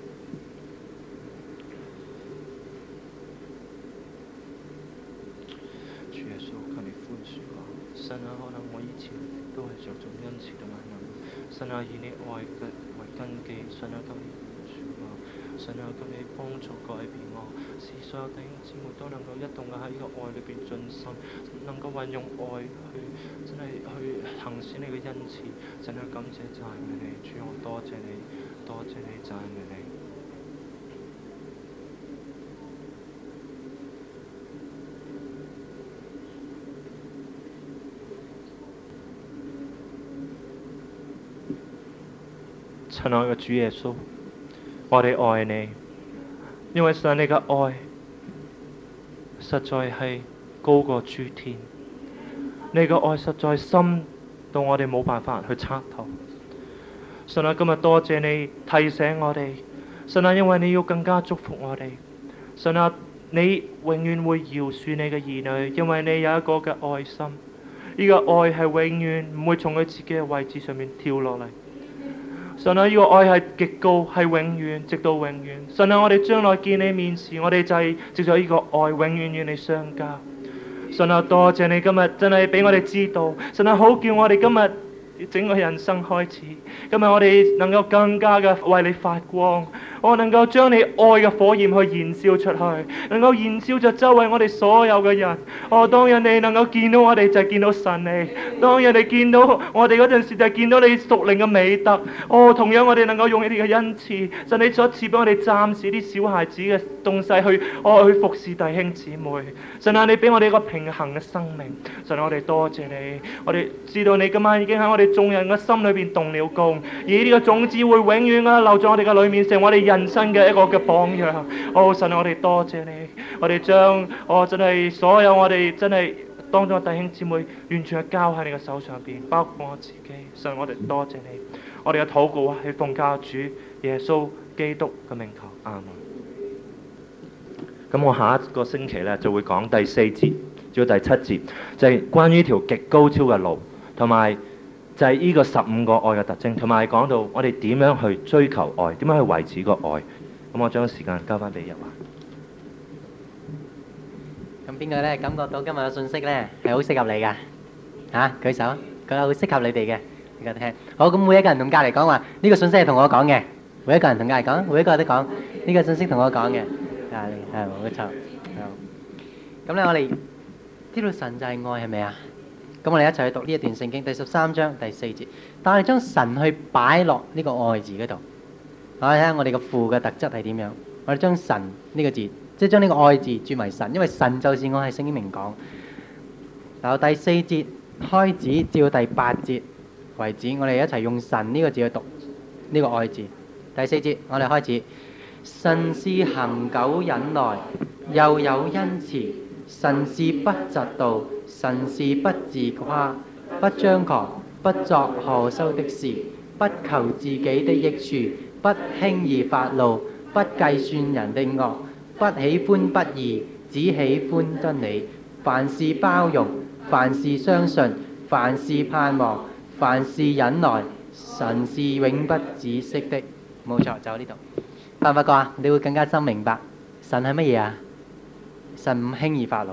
求你幫助改變我，使所有弟兄姊妹都能夠一動嘅喺呢個愛裏邊進心，能夠運用愛去真係去行使你嘅恩慈，真係感謝讚揚你，主，我多謝你，多謝你讚揚你。親愛嘅主耶穌。我哋愛你，因為神啊，你嘅愛實在係高過諸天，你嘅愛實在深到我哋冇辦法去測透。神啊，今日多謝你提醒我哋，神啊，因為你要更加祝福我哋，神啊，你永遠會饒恕你嘅兒女，因為你有一個嘅愛心，呢，這個愛係永遠唔會從佢自己嘅位置上面跳落嚟。神啊，呢個愛係極高，係永遠，直到永遠。神啊，我哋將來見你面時，我哋就係藉着呢個愛，永遠與你相加。神啊，多謝你今日真係俾我哋知道，神啊，好叫我哋今日整個人生開始，今日我哋能夠更加嘅為你發光。我能夠將你愛嘅火焰去燃燒出去，能夠燃燒着周圍我哋所有嘅人。哦，當人哋能夠見到我哋就係見到神你；當人哋見到我哋嗰陣時就係見到你屬靈嘅美德。哦，同樣我哋能夠用你哋嘅恩賜，神你所賜俾我哋暫時啲小孩子嘅東西去哦去服侍弟兄姊妹。神啊，你俾我哋一個平衡嘅生命。神啊，我哋多謝你，我哋知道你今晚，已經喺我哋眾人嘅心裏邊動了工，而呢個種子會永遠啊留在我哋嘅裏面，成為我哋人。人生嘅一個嘅榜樣，我好信我哋多謝你，我哋將我真係所有我哋真係當中嘅弟兄姊妹，完全係交喺你嘅手上邊，包括我自己，信我哋多謝你，我哋嘅禱告係奉駕主耶穌基督嘅名求啊！咁我下一個星期呢就會講第四節至到第七節，就係關於條極高超嘅路，同埋。就係呢個十五個愛嘅特徵，同埋講到我哋點樣去追求愛，點樣去維持個愛。咁我將時間交翻俾日華。咁邊個咧感覺到今日嘅信息咧係好適合你嘅？嚇，舉手。覺得好適合你哋嘅，你哋聽。好，咁每一個人同隔離講話，呢個信息係同我講嘅。每一個人同隔離講，每一個人都講呢個信息同我講嘅。係，係冇錯。咁咧，我哋知道神就係愛，係咪啊？咁我哋一齊去讀呢一段聖經，第十三章第四節。但係將神去擺落呢個愛字嗰度，我哋睇下我哋個父嘅特質係點樣。我哋將神呢個字，即係將呢個愛字轉為神，因為神就是我喺聖經明講。嗱，第四節開始至到第八節為止，我哋一齊用神呢個字去讀呢個愛字。第四節我哋開始，神是恆久忍耐，又有恩慈，神是不嫉妒。神是不自誇、不張狂、不作害羞的事、不求自己的益處、不輕易發怒、不計算人的惡、不喜歡不義，只喜歡真理。凡事包容，凡事相信，凡事盼望，凡事忍耐。神是永不止息的。冇錯，就喺呢度。阿法哥啊，你會更加深明白神係乜嘢啊？神唔輕易發怒。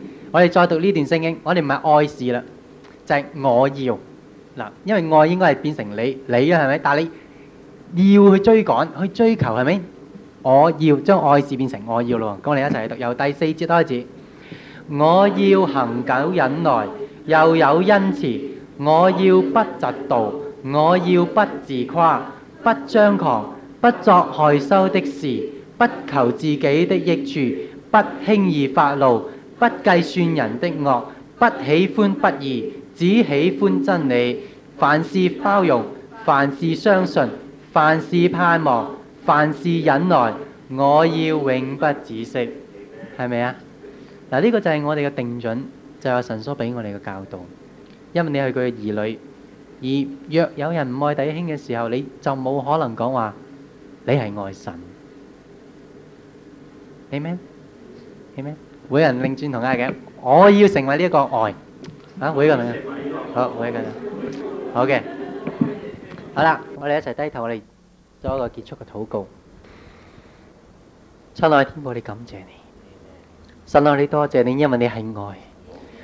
我哋再讀呢段聖經，我哋唔係愛是啦，就係、是、我要嗱，因為愛應該係變成你你啊，係咪？但你要去追趕，去追求，係咪？我要將愛是變成我要咯，咁我哋一齊去讀，由第四節開始。我要恆久忍耐，又有恩慈；我要不嫉妒，我要不自誇，不張狂，不作害羞的事，不求自己的益處，不輕易發怒。不計算人的惡，不喜歡不義，只喜歡真理。凡事包容，凡事相信，凡事盼望，凡事忍耐。我要永不止息，係咪呀？嗱，呢個就係我哋嘅定準，就係、是、神所俾我哋嘅教導。因為你係佢嘅兒女，而若有人唔愛弟兄嘅時候，你就冇可能講話你係愛神。係咩？係咩？」每人擰轉同嗌嘅，我要成為呢一個愛。啊，每一個咪，好，每一個。好嘅，好啦，我哋一齊低頭，我哋做一個結束嘅禱告。親愛的天父，你感謝你，神啊，你多謝你，因為你係愛，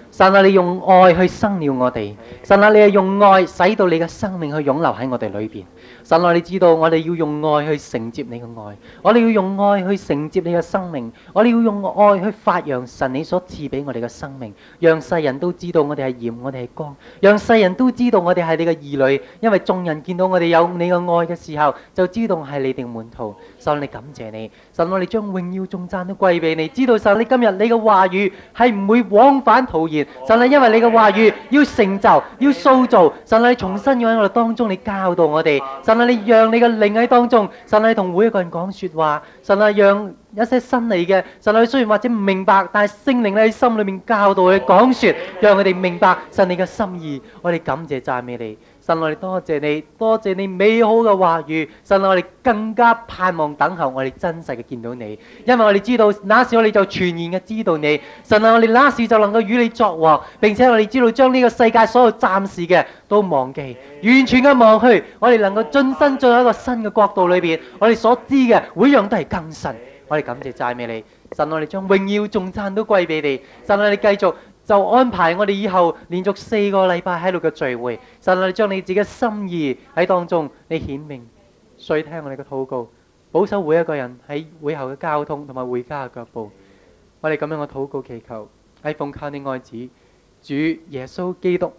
神啊，你用愛去生了我哋，神啊，你係用愛使到你嘅生命去湧流喺我哋裏邊。神我你，知道，我哋要用愛去承接你嘅愛，我哋要用愛去承接你嘅生命，我哋要用愛去發揚神你所賜俾我哋嘅生命，讓世人都知道我哋係鹽，我哋係光，讓世人都知道我哋係你嘅兒女，因為眾人見到我哋有你嘅愛嘅時候，就知道係你哋嘅門徒。神，我你，感謝你，神，我你，將榮耀頌讚都歸俾你。知道神，你今日你嘅話語係唔會往返徒然，神，因為你嘅話語要成就，要塑造，神，你重新要喺我哋當中，你教導我哋。神啊，你讓你嘅靈喺當中，神啊，你同每一個人講說話，神啊，讓一些新嚟嘅，神啊，你雖然或者唔明白，但係聖靈咧喺心裏面教導佢講說，讓佢哋明白神你嘅心意，我哋感謝讚美你。神啊！我哋多謝你，多謝你美好嘅話語。神啊！我哋更加盼望等候，我哋真實嘅見到你，因為我哋知道那時我哋就全然嘅知道你。神啊！我哋那時就能夠與你作王，並且我哋知道將呢個世界所有暫時嘅都忘記，完全嘅忘去。我哋能夠晉身進入一個新嘅國度裏邊，我哋所知嘅每樣都係更神。我哋感謝讚美你，神啊！我哋將榮耀頌讚都歸俾你，神啊！我哋繼續。就安排我哋以後連續四個禮拜喺度嘅聚會，實在，將你自己嘅心意喺當中，你顯明，所以聽我哋嘅禱告。保守每一個人喺會後嘅交通同埋回家嘅腳步。我哋咁樣嘅禱告祈求，喺奉靠你愛子主耶穌基督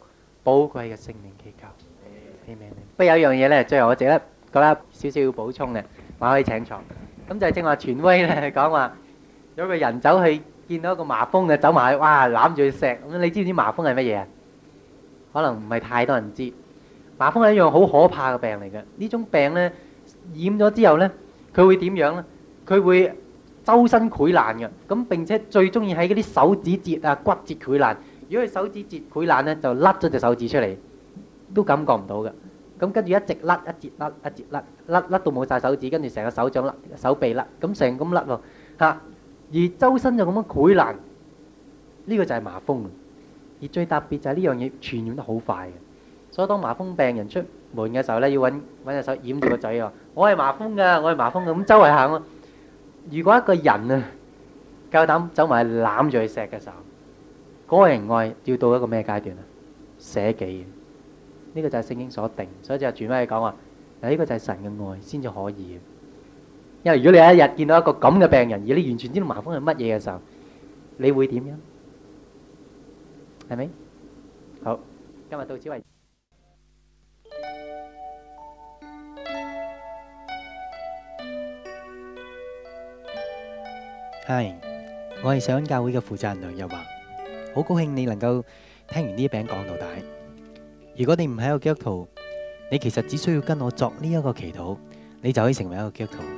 寶貴嘅聖名祈求。你命令。不過有一樣嘢咧，最後我淨係覺得少少要補充嘅，還可以請坐。咁就正話權威咧，講話有個人走去。見到一個麻風嘅走埋去，哇攬住佢錫咁，你知唔知麻風係乜嘢啊？可能唔係太多人知，麻風係一樣好可怕嘅病嚟嘅。呢種病呢，染咗之後呢，佢會點樣呢？佢會周身潰爛嘅，咁並且最中意喺嗰啲手指節啊、骨節潰爛。如果佢手指節潰爛呢，就甩咗隻手指出嚟，都感覺唔到嘅。咁跟住一直甩一節甩一節甩甩甩到冇晒手指，跟住成個手掌甩，手臂甩，咁成咁甩喎。而周身就咁樣潰爛，呢個就係麻風。而最特別就係呢樣嘢傳染得好快嘅，所以當麻風病人出門嘅時候咧，要揾揾隻手掩住個嘴啊！我係麻風噶，我係麻風噶，咁周圍行。如果一個人啊夠膽走埋去攬住佢錫嘅時候，嗰個人愛要到一個咩階段啊？捨己，呢個就係聖經所定，所以就轉翻去講話，嗱呢個就係神嘅愛先至可以。因為如果你有一日見到一個咁嘅病人，而你完全知道麻風係乜嘢嘅時候，你會點樣？係咪？好，今日到此為止。係，我係上教會嘅負責人梁日華，好高興你能夠聽完呢一餅講到大。如果你唔係一個基督徒，你其實只需要跟我作呢一個祈禱，你就可以成為一個基督徒。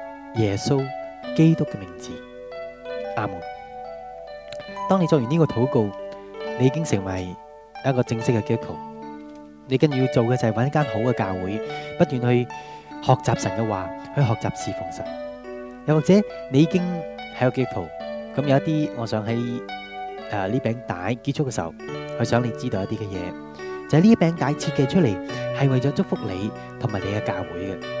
耶穌基督嘅名字，阿門。當你作完呢個禱告，你已經成為一個正式嘅基督徒。你跟住要做嘅就係揾一間好嘅教會，不斷去學習神嘅話，去學習侍奉神。又或者你已經喺個教會，咁有一啲，我想喺誒呢餅帶結束嘅時候，去想你知道一啲嘅嘢，就係呢一餅帶設計出嚟係為咗祝福你同埋你嘅教會嘅。